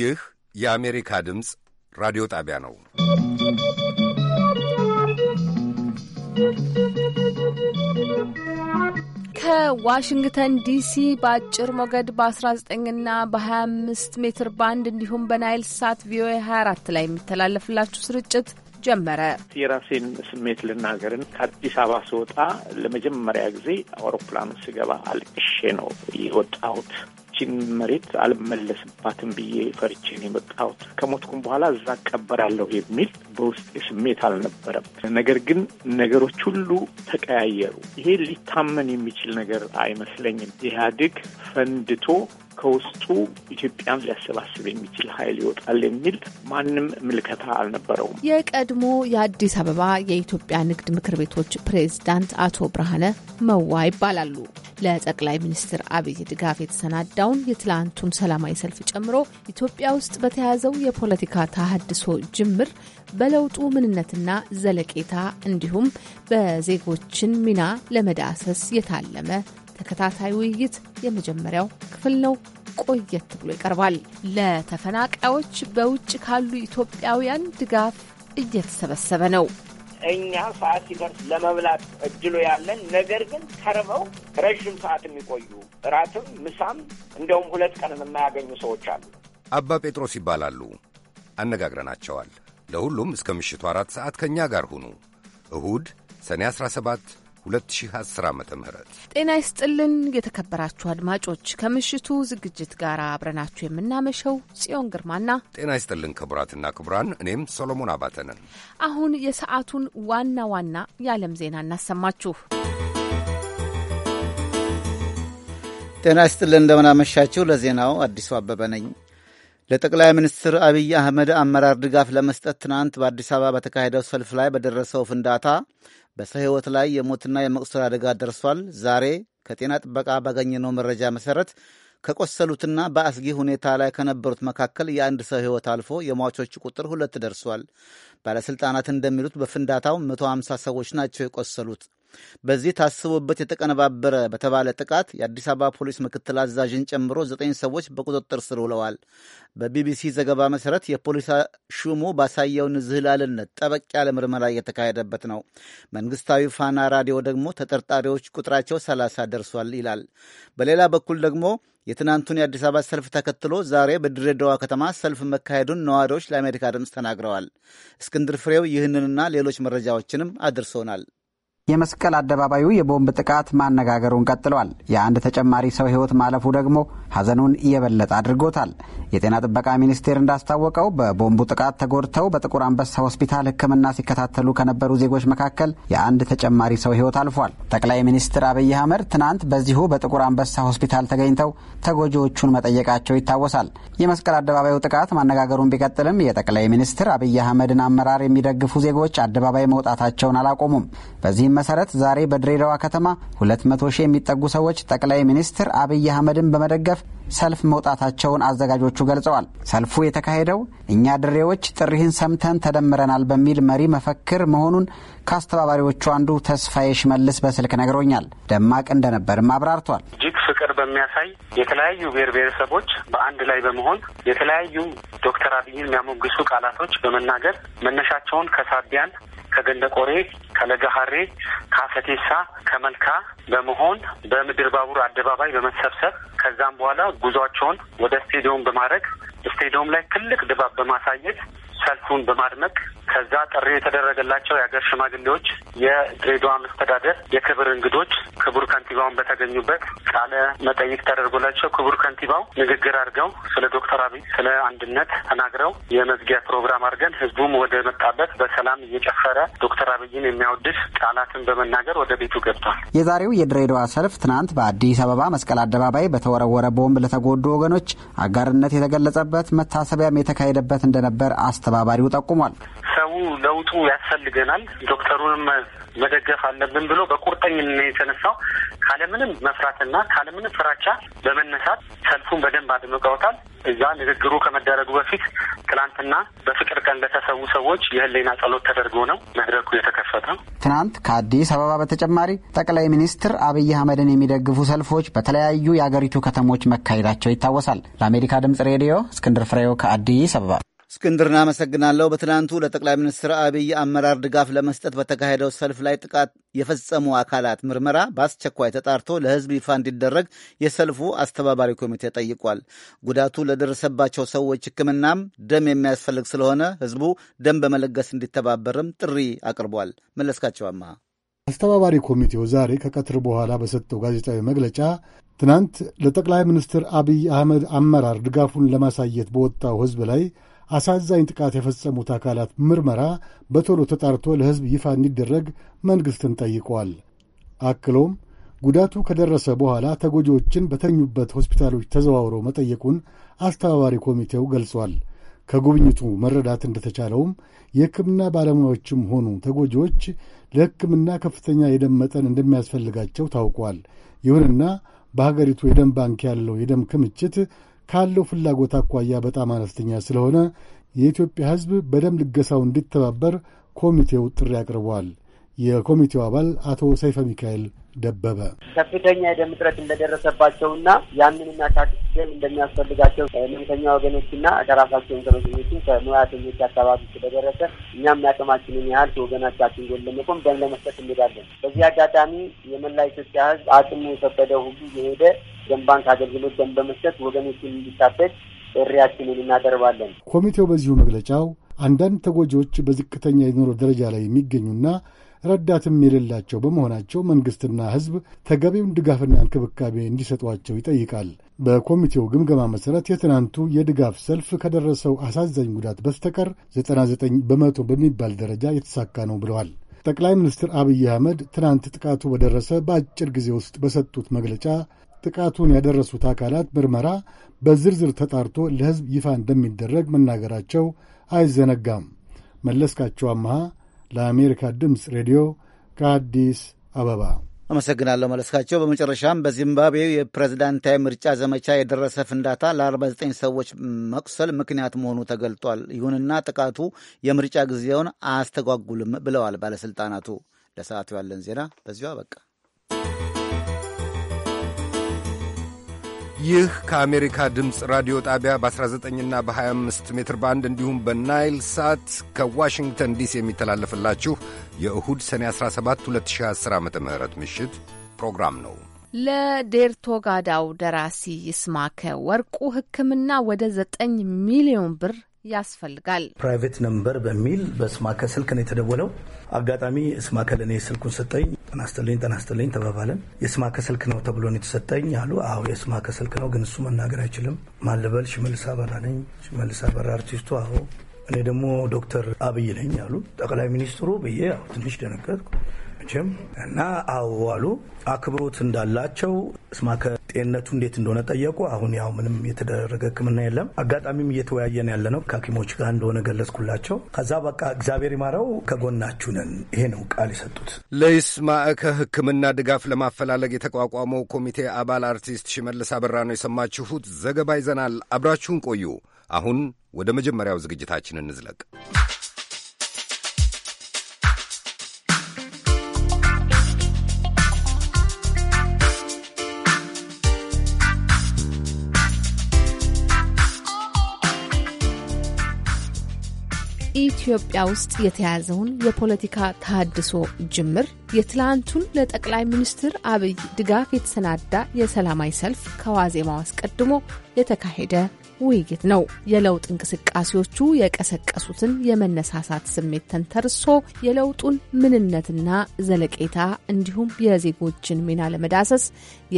ይህ የአሜሪካ ድምፅ ራዲዮ ጣቢያ ነው። ከዋሽንግተን ዲሲ በአጭር ሞገድ በ19ና በ25 ሜትር ባንድ እንዲሁም በናይል ሳት ቪኦኤ 24 ላይ የሚተላለፍላችሁ ስርጭት ጀመረ። የራሴን ስሜት ልናገርን ከአዲስ አበባ ስወጣ ለመጀመሪያ ጊዜ አውሮፕላኑ ስገባ አልቅሼ ነው የወጣሁት። እችን መሬት አልመለስባትም ብዬ ፈርቼን የመጣሁት ከሞትኩም በኋላ እዛ እቀበራለሁ የሚል በውስጤ ስሜት አልነበረም። ነገር ግን ነገሮች ሁሉ ተቀያየሩ። ይሄ ሊታመን የሚችል ነገር አይመስለኝም። ኢህአዴግ ፈንድቶ ከውስጡ ኢትዮጵያን ሊያሰባስብ የሚችል ኃይል ይወጣል የሚል ማንም ምልከታ አልነበረውም። የቀድሞ የአዲስ አበባ የኢትዮጵያ ንግድ ምክር ቤቶች ፕሬዝዳንት አቶ ብርሃነ መዋ ይባላሉ። ለጠቅላይ ሚኒስትር አብይ ድጋፍ የተሰናዳውን የትላንቱን ሰላማዊ ሰልፍ ጨምሮ ኢትዮጵያ ውስጥ በተያዘው የፖለቲካ ተሃድሶ ጅምር በለውጡ ምንነትና ዘለቄታ እንዲሁም በዜጎችን ሚና ለመዳሰስ የታለመ ተከታታይ ውይይት የመጀመሪያው ክፍል ነው። ቆየት ብሎ ይቀርባል። ለተፈናቃዮች በውጭ ካሉ ኢትዮጵያውያን ድጋፍ እየተሰበሰበ ነው። እኛ ሰዓት ሲደርስ ለመብላት እድሉ ያለን ነገር ግን ተርበው ረዥም ሰዓት የሚቆዩ እራትም ምሳም እንደውም ሁለት ቀንን የማያገኙ ሰዎች አሉ። አባ ጴጥሮስ ይባላሉ። አነጋግረናቸዋል። ለሁሉም እስከ ምሽቱ አራት ሰዓት ከእኛ ጋር ሁኑ። እሁድ ሰኔ 17 2010 ዓ ም ጤና ይስጥልን የተከበራችሁ አድማጮች፣ ከምሽቱ ዝግጅት ጋር አብረናችሁ የምናመሸው ጽዮን ግርማና ጤና ይስጥልን ክቡራትና ክቡራን፣ እኔም ሶሎሞን አባተ ነን። አሁን የሰዓቱን ዋና ዋና የዓለም ዜና እናሰማችሁ። ጤና ይስጥልን እንደምናመሻችሁ። ለዜናው አዲሱ አበበ ነኝ። ለጠቅላይ ሚኒስትር አብይ አህመድ አመራር ድጋፍ ለመስጠት ትናንት በአዲስ አበባ በተካሄደው ሰልፍ ላይ በደረሰው ፍንዳታ በሰው ሕይወት ላይ የሞትና የመቁሰል አደጋ ደርሷል። ዛሬ ከጤና ጥበቃ ባገኘነው መረጃ መሠረት ከቆሰሉትና በአስጊ ሁኔታ ላይ ከነበሩት መካከል የአንድ ሰው ሕይወት አልፎ የሟቾች ቁጥር ሁለት ደርሷል። ባለሥልጣናት እንደሚሉት በፍንዳታው 150 ሰዎች ናቸው የቆሰሉት። በዚህ ታስቦበት የተቀነባበረ በተባለ ጥቃት የአዲስ አበባ ፖሊስ ምክትል አዛዥን ጨምሮ ዘጠኝ ሰዎች በቁጥጥር ስር ውለዋል። በቢቢሲ ዘገባ መሰረት የፖሊስ ሹሙ ባሳየው ንዝህላልነት ጠበቅ ያለ ምርመራ እየተካሄደበት ነው። መንግስታዊ ፋና ራዲዮ ደግሞ ተጠርጣሪዎች ቁጥራቸው ሰላሳ ደርሷል ይላል። በሌላ በኩል ደግሞ የትናንቱን የአዲስ አበባ ሰልፍ ተከትሎ ዛሬ በድሬዳዋ ከተማ ሰልፍ መካሄዱን ነዋሪዎች ለአሜሪካ ድምፅ ተናግረዋል። እስክንድር ፍሬው ይህንንና ሌሎች መረጃዎችንም አድርሶናል። የመስቀል አደባባዩ የቦምብ ጥቃት ማነጋገሩን ቀጥሏል። የአንድ ተጨማሪ ሰው ሕይወት ማለፉ ደግሞ ሐዘኑን እየበለጠ አድርጎታል። የጤና ጥበቃ ሚኒስቴር እንዳስታወቀው በቦምቡ ጥቃት ተጎድተው በጥቁር አንበሳ ሆስፒታል ሕክምና ሲከታተሉ ከነበሩ ዜጎች መካከል የአንድ ተጨማሪ ሰው ሕይወት አልፏል። ጠቅላይ ሚኒስትር አብይ አህመድ ትናንት በዚሁ በጥቁር አንበሳ ሆስፒታል ተገኝተው ተጎጂዎቹን መጠየቃቸው ይታወሳል። የመስቀል አደባባዩ ጥቃት ማነጋገሩን ቢቀጥልም የጠቅላይ ሚኒስትር አብይ አህመድን አመራር የሚደግፉ ዜጎች አደባባይ መውጣታቸውን አላቆሙም። በዚህ መሰረት ዛሬ በድሬዳዋ ከተማ 200 ሺህ የሚጠጉ ሰዎች ጠቅላይ ሚኒስትር አብይ አህመድን በመደገፍ ሰልፍ መውጣታቸውን አዘጋጆቹ ገልጸዋል። ሰልፉ የተካሄደው እኛ ድሬዎች ጥሪህን ሰምተን ተደምረናል በሚል መሪ መፈክር መሆኑን ከአስተባባሪዎቹ አንዱ ተስፋዬ ሽመልስ በስልክ ነግሮኛል። ደማቅ እንደነበርም አብራርቷል። እጅግ ፍቅር በሚያሳይ የተለያዩ ብሔር ብሔረሰቦች በአንድ ላይ በመሆን የተለያዩ ዶክተር አብይን የሚያሞግሱ ቃላቶች በመናገር መነሻቸውን ከሳቢያን ከገለ ቆሬ፣ ሀሬ፣ ከአፈቴሳ፣ ከመልካ በመሆን በምድር ባቡር አደባባይ በመሰብሰብ ከዛም በኋላ ጉዟቸውን ወደ ስቴዲዮም በማድረግ ስቴዲዮም ላይ ትልቅ ድባብ በማሳየት ሰልፉን በማድመቅ ከዛ ጥሪ የተደረገላቸው የሀገር ሽማግሌዎች፣ የድሬዳዋ መስተዳደር፣ የክብር እንግዶች ክቡር ከንቲባውን በተገኙበት ቃለ መጠይቅ ተደርጎላቸው ክቡር ከንቲባው ንግግር አድርገው ስለ ዶክተር አብይ ስለ አንድነት ተናግረው የመዝጊያ ፕሮግራም አድርገን ህዝቡም ወደ መጣበት በሰላም እየጨፈረ ዶክተር አብይን የሚያወድስ ቃላትን በመናገር ወደ ቤቱ ገብቷል። የዛሬው የድሬዳዋ ሰልፍ ትናንት በአዲስ አበባ መስቀል አደባባይ በተወረወረ ቦምብ ለተጎዱ ወገኖች አጋርነት የተገለጸበት መታሰቢያም የተካሄደበት እንደነበር አስተባባሪው ጠቁሟል። ሀሳቡ ለውጡ ያስፈልገናል፣ ዶክተሩንም መደገፍ አለብን ብሎ በቁርጠኝነት የተነሳው ካለምንም መፍራትና ካለምንም ፍራቻ በመነሳት ሰልፉን በደንብ አድምቀውታል። እዛ ንግግሩ ከመደረጉ በፊት ትናንትና በፍቅር ቀን ለተሰዉ ሰዎች የህሊና ጸሎት ተደርጎ ነው መድረኩ የተከፈተ። ትናንት ከአዲስ አበባ በተጨማሪ ጠቅላይ ሚኒስትር አብይ አህመድን የሚደግፉ ሰልፎች በተለያዩ የአገሪቱ ከተሞች መካሄዳቸው ይታወሳል። ለአሜሪካ ድምጽ ሬዲዮ እስክንድር ፍሬው ከአዲስ አበባ እስክንድርን አመሰግናለሁ። በትናንቱ ለጠቅላይ ሚኒስትር አብይ አመራር ድጋፍ ለመስጠት በተካሄደው ሰልፍ ላይ ጥቃት የፈጸሙ አካላት ምርመራ በአስቸኳይ ተጣርቶ ለሕዝብ ይፋ እንዲደረግ የሰልፉ አስተባባሪ ኮሚቴ ጠይቋል። ጉዳቱ ለደረሰባቸው ሰዎች ሕክምናም ደም የሚያስፈልግ ስለሆነ ሕዝቡ ደም በመለገስ እንዲተባበርም ጥሪ አቅርቧል። መለስካቸው አማ አስተባባሪ ኮሚቴው ዛሬ ከቀትር በኋላ በሰጠው ጋዜጣዊ መግለጫ ትናንት ለጠቅላይ ሚኒስትር አብይ አህመድ አመራር ድጋፉን ለማሳየት በወጣው ሕዝብ ላይ አሳዛኝ ጥቃት የፈጸሙት አካላት ምርመራ በቶሎ ተጣርቶ ለሕዝብ ይፋ እንዲደረግ መንግሥትን ጠይቋል። አክሎም ጉዳቱ ከደረሰ በኋላ ተጎጂዎችን በተኙበት ሆስፒታሎች ተዘዋውሮ መጠየቁን አስተባባሪ ኮሚቴው ገልጿል። ከጉብኝቱ መረዳት እንደተቻለውም የሕክምና ባለሙያዎችም ሆኑ ተጎጂዎች ለሕክምና ከፍተኛ የደም መጠን እንደሚያስፈልጋቸው ታውቋል። ይሁንና በሀገሪቱ የደም ባንክ ያለው የደም ክምችት ካለው ፍላጎት አኳያ በጣም አነስተኛ ስለሆነ የኢትዮጵያ ሕዝብ በደም ልገሳው እንዲተባበር ኮሚቴው ጥሪ አቅርቧል። የኮሚቴው አባል አቶ ሰይፈ ሚካኤል ደበበ ከፍተኛ የደም እጥረት እንደደረሰባቸውና ያንን ያካክስ እንደሚያስፈልጋቸው ህመምተኛ ወገኖችና ከራሳቸው ከመገኘቱ ከሙያተኞች አካባቢ ስለደረሰ እኛም ያቅማችንን ያህል ከወገናቻችን ጎን ለመቆም ደም ለመስጠት እንሄዳለን። በዚህ አጋጣሚ የመላ ኢትዮጵያ ህዝብ አቅሙ የፈቀደ ሁሉ የሄደ ደም ባንክ አገልግሎት ደም በመስጠት ወገኖችን እንዲታበድ እሪያችንን እናቀርባለን። ኮሚቴው በዚሁ መግለጫው አንዳንድ ተጎጂዎች በዝቅተኛ የኑሮ ደረጃ ላይ የሚገኙና ረዳትም የሌላቸው በመሆናቸው መንግስትና ሕዝብ ተገቢውን ድጋፍና እንክብካቤ እንዲሰጧቸው ይጠይቃል። በኮሚቴው ግምገማ መሠረት የትናንቱ የድጋፍ ሰልፍ ከደረሰው አሳዛኝ ጉዳት በስተቀር 99 በመቶ በሚባል ደረጃ የተሳካ ነው ብለዋል። ጠቅላይ ሚኒስትር አብይ አህመድ ትናንት ጥቃቱ በደረሰ በአጭር ጊዜ ውስጥ በሰጡት መግለጫ ጥቃቱን ያደረሱት አካላት ምርመራ በዝርዝር ተጣርቶ ለሕዝብ ይፋ እንደሚደረግ መናገራቸው አይዘነጋም። መለስካቸው አመሃ ለአሜሪካ ድምፅ ሬዲዮ ከአዲስ አበባ አመሰግናለሁ መለስካቸው። በመጨረሻም በዚምባብዌ የፕሬዝዳንታዊ ምርጫ ዘመቻ የደረሰ ፍንዳታ ለ49 ሰዎች መቁሰል ምክንያት መሆኑ ተገልጧል። ይሁንና ጥቃቱ የምርጫ ጊዜውን አያስተጓጉልም ብለዋል ባለሥልጣናቱ። ለሰዓቱ ያለን ዜና በዚሁ አበቃ። ይህ ከአሜሪካ ድምፅ ራዲዮ ጣቢያ በ19ና በ25 ሜትር ባንድ እንዲሁም በናይል ሳት ከዋሽንግተን ዲሲ የሚተላለፍላችሁ የእሁድ ሰኔ 17 2010 ዓ ም ምሽት ፕሮግራም ነው። ለዴርቶጋዳው ደራሲ ይስማከ ወርቁ ሕክምና ወደ 9 ሚሊዮን ብር ያስፈልጋል። ፕራይቬት ነምበር በሚል በስማከ ስልክ ነው የተደወለው። አጋጣሚ ስማከ ለእኔ ስልኩን ሰጠኝ። ጠናስተልኝ ጠናስተልኝ ተባባለን። የስማከ ስልክ ነው ተብሎ ነው የተሰጠኝ አሉ። አዎ የስማከ ስልክ ነው፣ ግን እሱ መናገር አይችልም። ማን ልበል? ሽመልስ አበራ ነኝ። ሽመልስ አበራ አርቲስቱ? አዎ እኔ ደግሞ ዶክተር አብይ ነኝ አሉ። ጠቅላይ ሚኒስትሩ ብዬ ትንሽ ደነገጥኩ። መቼም እና አዋሉ አክብሮት እንዳላቸው እስማከ ጤንነቱ እንዴት እንደሆነ ጠየቁ። አሁን ያው ምንም የተደረገ ሕክምና የለም። አጋጣሚም እየተወያየን ያለ ነው ከሐኪሞች ጋር እንደሆነ ገለጽኩላቸው። ከዛ በቃ እግዚአብሔር ይማረው ከጎናችሁ ነን፣ ይሄ ነው ቃል የሰጡት። ለይስማዕከ ሕክምና ድጋፍ ለማፈላለግ የተቋቋመው ኮሚቴ አባል አርቲስት ሽመልስ አበራ ነው የሰማችሁት። ዘገባ ይዘናል። አብራችሁን ቆዩ። አሁን ወደ መጀመሪያው ዝግጅታችን እንዝለቅ። ኢትዮጵያ ውስጥ የተያዘውን የፖለቲካ ተሃድሶ ጅምር፣ የትላንቱን ለጠቅላይ ሚኒስትር አብይ ድጋፍ የተሰናዳ የሰላማዊ ሰልፍ ከዋዜማው አስቀድሞ የተካሄደ ውይይት ነው። የለውጥ እንቅስቃሴዎቹ የቀሰቀሱትን የመነሳሳት ስሜት ተንተርሶ የለውጡን ምንነትና ዘለቄታ እንዲሁም የዜጎችን ሚና ለመዳሰስ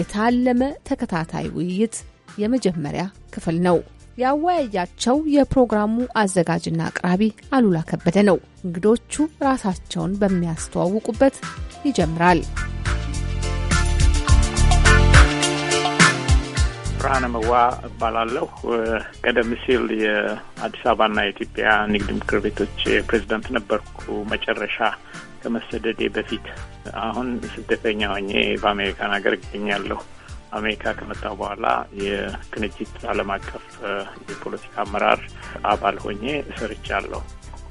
የታለመ ተከታታይ ውይይት የመጀመሪያ ክፍል ነው። ያወያያቸው የፕሮግራሙ አዘጋጅና አቅራቢ አሉላ ከበደ ነው። እንግዶቹ ራሳቸውን በሚያስተዋውቁበት ይጀምራል። ብርሃነ መዋ እባላለሁ። ቀደም ሲል የአዲስ አበባና የኢትዮጵያ ንግድ ምክር ቤቶች ፕሬዚዳንት ነበርኩ መጨረሻ ከመሰደዴ በፊት። አሁን ስደተኛ ሆኜ በአሜሪካን ሀገር እገኛለሁ። አሜሪካ ከመጣ በኋላ የክንጅት ዓለም አቀፍ የፖለቲካ አመራር አባል ሆኜ አለው።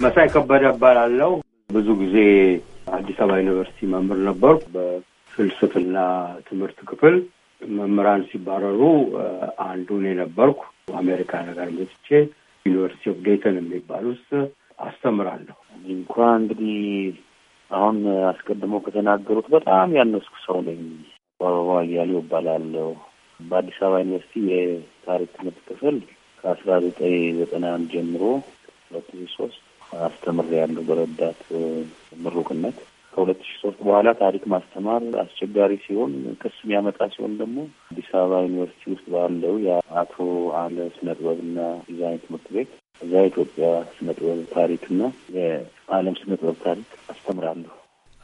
መሳይ ከበደ እባላለሁ። ብዙ ጊዜ አዲስ አበባ ዩኒቨርሲቲ መምህር ነበር። በፍልስፍና ትምህርት ክፍል መምህራን ሲባረሩ አንዱ እኔ ነበርኩ። አሜሪካ ነገር መጥቼ ዩኒቨርሲቲ ኦፍ ዴይተን የሚባል ውስጥ አስተምራለሁ። እንኳ እንግዲህ አሁን አስቀድሞ ከተናገሩት በጣም ያነስኩ ሰው ነኝ። አበባ አያሌው እባላለሁ። በአዲስ አበባ ዩኒቨርሲቲ የታሪክ ትምህርት ክፍል ከአስራ ዘጠኝ ዘጠና አንድ ጀምሮ ሁለት ሺ ሶስት አስተምሬያለሁ በረዳት ምሩቅነት። ከሁለት ሺ ሶስት በኋላ ታሪክ ማስተማር አስቸጋሪ ሲሆን ክስ የሚያመጣ ሲሆን ደግሞ አዲስ አበባ ዩኒቨርሲቲ ውስጥ ባለው የአቶ አለ ስነ ጥበብና ዲዛይን ትምህርት ቤት እዛ የኢትዮጵያ ስነ ጥበብ ታሪክና የዓለም ስነ ጥበብ ታሪክ አስተምራለሁ።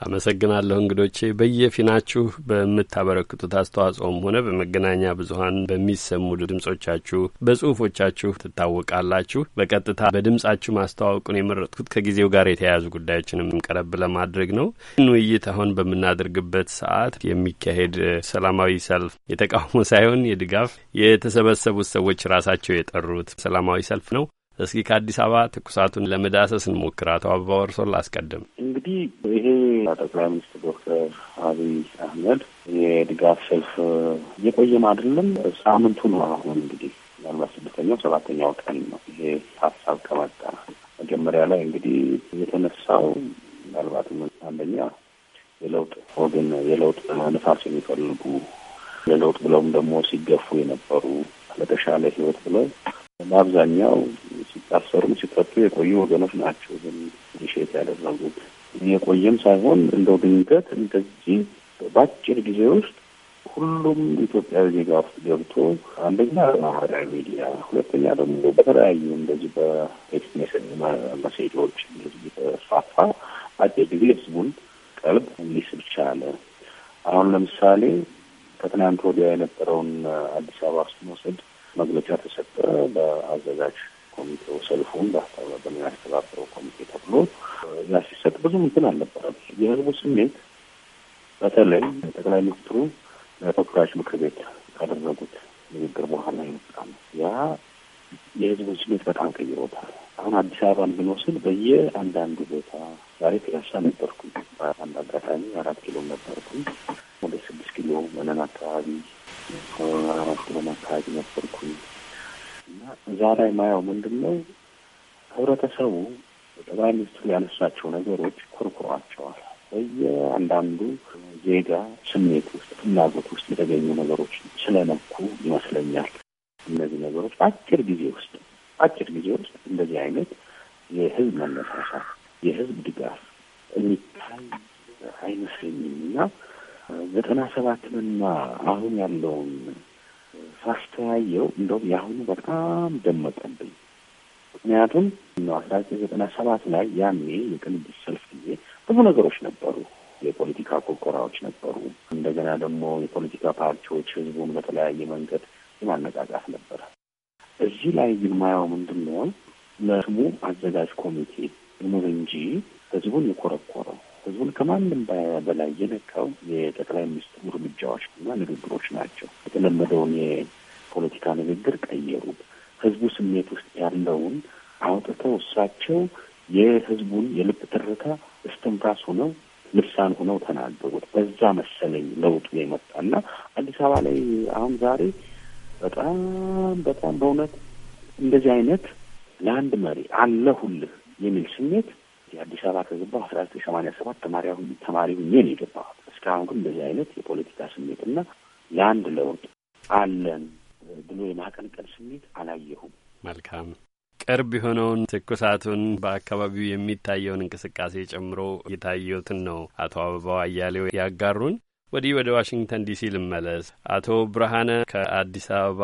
አመሰግናለሁ እንግዶቼ በየፊናችሁ በምታበረክቱት አስተዋጽኦም ሆነ በመገናኛ ብዙኃን በሚሰሙ ድምጾቻችሁ፣ በጽሁፎቻችሁ ትታወቃላችሁ። በቀጥታ በድምጻችሁ ማስተዋወቁን የመረጥኩት ከጊዜው ጋር የተያያዙ ጉዳዮችንም ቀረብ ለማድረግ ነው። ይህን ውይይት አሁን በምናደርግበት ሰዓት የሚካሄድ ሰላማዊ ሰልፍ የተቃውሞ ሳይሆን የድጋፍ የተሰበሰቡት ሰዎች ራሳቸው የጠሩት ሰላማዊ ሰልፍ ነው። እስኪ ከአዲስ አበባ ትኩሳቱን ለመዳሰስ እንሞክር። አቶ አበባ ወርሶን ላስቀድም። እንግዲህ ይሄ ጠቅላይ ሚኒስትር ዶክተር አብይ አህመድ የድጋፍ ሰልፍ እየቆየም አይደለም፣ ሳምንቱ ነው። አሁን እንግዲህ ምናልባት ስድስተኛው ሰባተኛው ቀን ነው ይሄ ሀሳብ ከመጣ መጀመሪያ ላይ እንግዲህ የተነሳው ምናልባትም አንደኛ የለውጥ ወገን የለውጥ ንፋስ የሚፈልጉ ለለውጥ ብለውም ደግሞ ሲገፉ የነበሩ ለተሻለ ህይወት ብለው በአብዛኛው ሲታሰሩም ሲጠጡ የቆዩ ወገኖች ናቸው። ግን ሼት ያደረጉት የቆየም ሳይሆን እንደው ድንገት እንደዚህ በአጭር ጊዜ ውስጥ ሁሉም ኢትዮጵያዊ ዜጋ ውስጥ ገብቶ አንደኛ ማህበራዊ ሚዲያ፣ ሁለተኛ ደግሞ በተለያዩ እንደዚህ በቴክስት ሜሴጅ መሴጆች እንደዚህ የተስፋፋ አጭር ጊዜ ህዝቡን ቀልብ ሊስብ ቻለ። አሁን ለምሳሌ ከትናንት ወዲያ የነበረውን አዲስ አበባ ስንወስድ መግለጫ ተሰጠ በአዘጋጅ ኮሚቴው ሰልፉን በአስተባበር ያስተባበረው ኮሚቴ ተብሎ ያ ሲሰጥ ብዙ እንትን አልነበረም። የህዝቡ ስሜት በተለይ ጠቅላይ ሚኒስትሩ ለተወካዮች ምክር ቤት ካደረጉት ንግግር በኋላ የወጣ ነው። ያ የህዝቡ ስሜት በጣም ቀይሮታል። አሁን አዲስ አበባን ብንወስድ በየአንዳንዱ ቦታ ዛሬ ፒያሳ ነበርኩኝ። አንድ አጋጣሚ አራት ኪሎ ነበርኩኝ። ወደ ስድስት ኪሎ መነን አካባቢ አራት ኪሎ አካባቢ ነበርኩኝ። እና እዛ ላይ ማየው ምንድን ነው ህብረተሰቡ ጠቅላይ ሚኒስትሩ ያነሳቸው ነገሮች ኮርኩሯቸዋል። በየአንዳንዱ ዜጋ ስሜት ውስጥ ፍላጎት ውስጥ የተገኙ ነገሮች ስለነኩ ይመስለኛል። እነዚህ ነገሮች አጭር ጊዜ ውስጥ አጭር ጊዜ ውስጥ እንደዚህ አይነት የህዝብ መነሳሳት፣ የህዝብ ድጋፍ የሚታይ አይመስለኝም እና ዘጠና ሰባትንና አሁን ያለውን ሳስተያየው እንደውም የአሁኑ በጣም ደመቀብኝ። ምክንያቱም አስራ ዘጠኝ ዘጠና ሰባት ላይ ያኔ የቅንጅት ሰልፍ ጊዜ ብዙ ነገሮች ነበሩ። የፖለቲካ ኮርኮራዎች ነበሩ። እንደገና ደግሞ የፖለቲካ ፓርቲዎች ህዝቡን በተለያየ መንገድ የማነቃቃት ነበረ። እዚህ ላይ ግን ማየው ምንድን ነው ለስሙ አዘጋጅ ኮሚቴ ኑር እንጂ ህዝቡን የኮረኮ ህዝቡን ከማንም በላይ የነካው የጠቅላይ ሚኒስትሩ እርምጃዎችና ንግግሮች ናቸው። የተለመደውን የፖለቲካ ንግግር ቀየሩ። ህዝቡ ስሜት ውስጥ ያለውን አውጥተው እሳቸው የህዝቡን የልብ ትርታ እስትንፋስ ሆነው ልሳን ሆነው ተናገሩት። በዛ መሰለኝ ለውጡ የመጣና አዲስ አበባ ላይ አሁን ዛሬ በጣም በጣም በእውነት እንደዚህ አይነት ለአንድ መሪ አለሁልህ የሚል ስሜት የአዲስ አበባ ከገባሁ አስራ ዘጠኝ ሰማንያ ሰባት ተማሪ ተማሪ ሁኜ ነው የገባሁት። እስካሁን ግን በዚህ አይነት የፖለቲካ ስሜትና ለአንድ ለውጥ አለን ብሎ የማቀንቀን ስሜት አላየሁም። መልካም ቅርብ የሆነውን ትኩሳቱን በአካባቢው የሚታየውን እንቅስቃሴ ጨምሮ የታየትን ነው አቶ አበባው አያሌው ያጋሩን። ወዲህ ወደ ዋሽንግተን ዲሲ ልመለስ። አቶ ብርሃነ ከአዲስ አበባ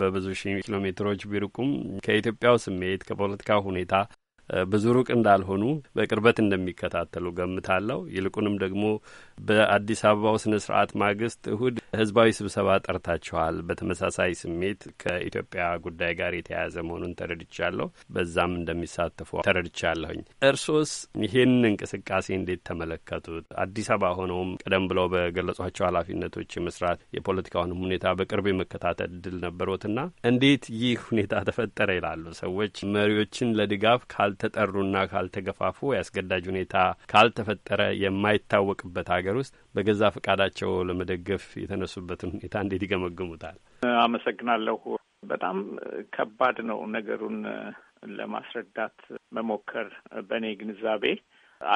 በብዙ ሺህ ኪሎ ሜትሮች ቢርቁም ከኢትዮጵያው ስሜት ከፖለቲካው ሁኔታ ብዙ ሩቅ እንዳልሆኑ በቅርበት እንደሚከታተሉ ገምታለሁ። ይልቁንም ደግሞ በአዲስ አበባው ስነ ስርዓት ማግስት እሁድ ህዝባዊ ስብሰባ ጠርታችኋል። በተመሳሳይ ስሜት ከኢትዮጵያ ጉዳይ ጋር የተያያዘ መሆኑን ተረድቻለሁ። በዛም እንደሚሳተፉ ተረድቻለሁኝ። እርሶስ ይህን እንቅስቃሴ እንዴት ተመለከቱት? አዲስ አበባ ሆነውም ቀደም ብለው በገለጿቸው ኃላፊነቶች የመስራት የፖለቲካውንም ሁኔታ በቅርብ የመከታተል እድል ነበሮትና እንዴት ይህ ሁኔታ ተፈጠረ ይላሉ ሰዎች መሪዎችን ለድጋፍ ካልተ ካልተጠሩና ካልተገፋፉ የአስገዳጅ ሁኔታ ካልተፈጠረ የማይታወቅበት ሀገር ውስጥ በገዛ ፈቃዳቸው ለመደገፍ የተነሱበትን ሁኔታ እንዴት ይገመግሙታል? አመሰግናለሁ። በጣም ከባድ ነው ነገሩን ለማስረዳት መሞከር። በእኔ ግንዛቤ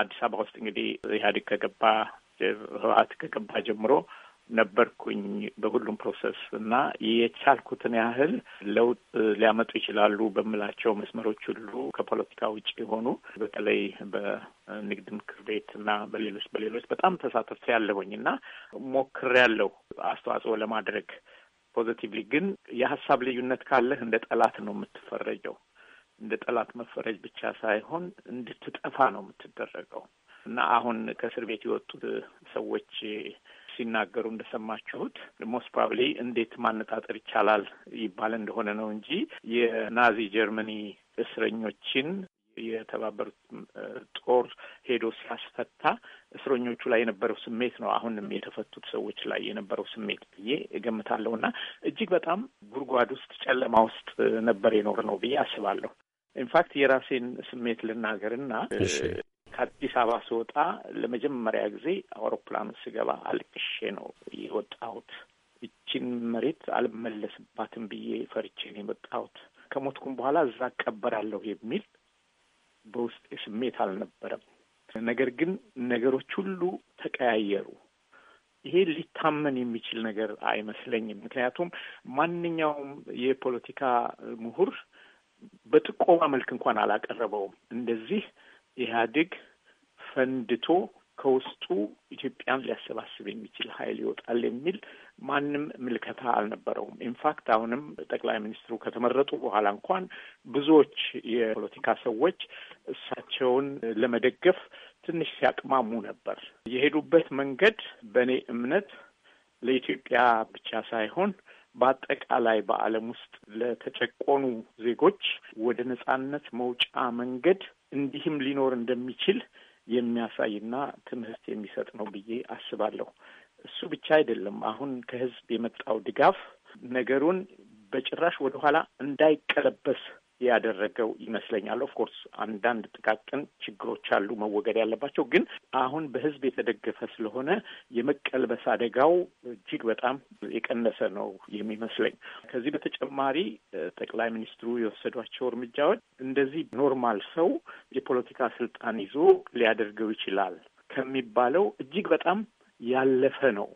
አዲስ አበባ ውስጥ እንግዲህ ኢህአዴግ ከገባ ህወሀት ከገባ ጀምሮ ነበርኩኝ በሁሉም ፕሮሰስ እና የቻልኩትን ያህል ለውጥ ሊያመጡ ይችላሉ በምላቸው መስመሮች ሁሉ ከፖለቲካ ውጭ የሆኑ በተለይ በንግድ ምክር ቤት እና በሌሎች በሌሎች በጣም ተሳተፍ ያለሁኝ እና ያለው አስተዋጽኦ ለማድረግ ፖዘቲቭሊ። ግን የሀሳብ ልዩነት ካለህ እንደ ጠላት ነው የምትፈረጀው። እንደ ጠላት መፈረጅ ብቻ ሳይሆን እንድትጠፋ ነው የምትደረገው እና አሁን ከእስር ቤት የወጡት ሰዎች ሲናገሩ እንደሰማችሁት ሞስት ፕሮባብሊ እንዴት ማነጣጠር ይቻላል ይባል እንደሆነ ነው እንጂ የናዚ ጀርመኒ እስረኞችን የተባበሩት ጦር ሄዶ ሲያስፈታ እስረኞቹ ላይ የነበረው ስሜት ነው አሁንም የተፈቱት ሰዎች ላይ የነበረው ስሜት ብዬ እገምታለሁ። እና እጅግ በጣም ጉድጓድ ውስጥ ጨለማ ውስጥ ነበር የኖር ነው ብዬ አስባለሁ። ኢንፋክት የራሴን ስሜት ልናገርና ከአዲስ አበባ ስወጣ ለመጀመሪያ ጊዜ አውሮፕላን ስገባ አልቅሼ ነው የወጣሁት። እችን መሬት አልመለስባትም ብዬ ፈርቼ ነው የመጣሁት። ከሞትኩም በኋላ እዛ እቀበራለሁ የሚል በውስጤ ስሜት አልነበረም። ነገር ግን ነገሮች ሁሉ ተቀያየሩ። ይሄ ሊታመን የሚችል ነገር አይመስለኝም። ምክንያቱም ማንኛውም የፖለቲካ ምሁር በጥቆማ መልክ እንኳን አላቀረበውም። እንደዚህ ኢህአዴግ ፈንድቶ ከውስጡ ኢትዮጵያን ሊያሰባስብ የሚችል ኃይል ይወጣል የሚል ማንም ምልከታ አልነበረውም። ኢንፋክት አሁንም ጠቅላይ ሚኒስትሩ ከተመረጡ በኋላ እንኳን ብዙዎች የፖለቲካ ሰዎች እሳቸውን ለመደገፍ ትንሽ ሲያቅማሙ ነበር። የሄዱበት መንገድ በእኔ እምነት ለኢትዮጵያ ብቻ ሳይሆን በአጠቃላይ በዓለም ውስጥ ለተጨቆኑ ዜጎች ወደ ነጻነት መውጫ መንገድ እንዲህም ሊኖር እንደሚችል የሚያሳይና ትምህርት የሚሰጥ ነው ብዬ አስባለሁ። እሱ ብቻ አይደለም። አሁን ከህዝብ የመጣው ድጋፍ ነገሩን በጭራሽ ወደኋላ እንዳይቀለበስ ያደረገው ይመስለኛል። ኦፍኮርስ አንዳንድ ጥቃቅን ችግሮች አሉ መወገድ ያለባቸው፣ ግን አሁን በህዝብ የተደገፈ ስለሆነ የመቀልበስ አደጋው እጅግ በጣም የቀነሰ ነው የሚመስለኝ። ከዚህ በተጨማሪ ጠቅላይ ሚኒስትሩ የወሰዷቸው እርምጃዎች እንደዚህ ኖርማል ሰው የፖለቲካ ስልጣን ይዞ ሊያደርገው ይችላል ከሚባለው እጅግ በጣም ያለፈ ነው።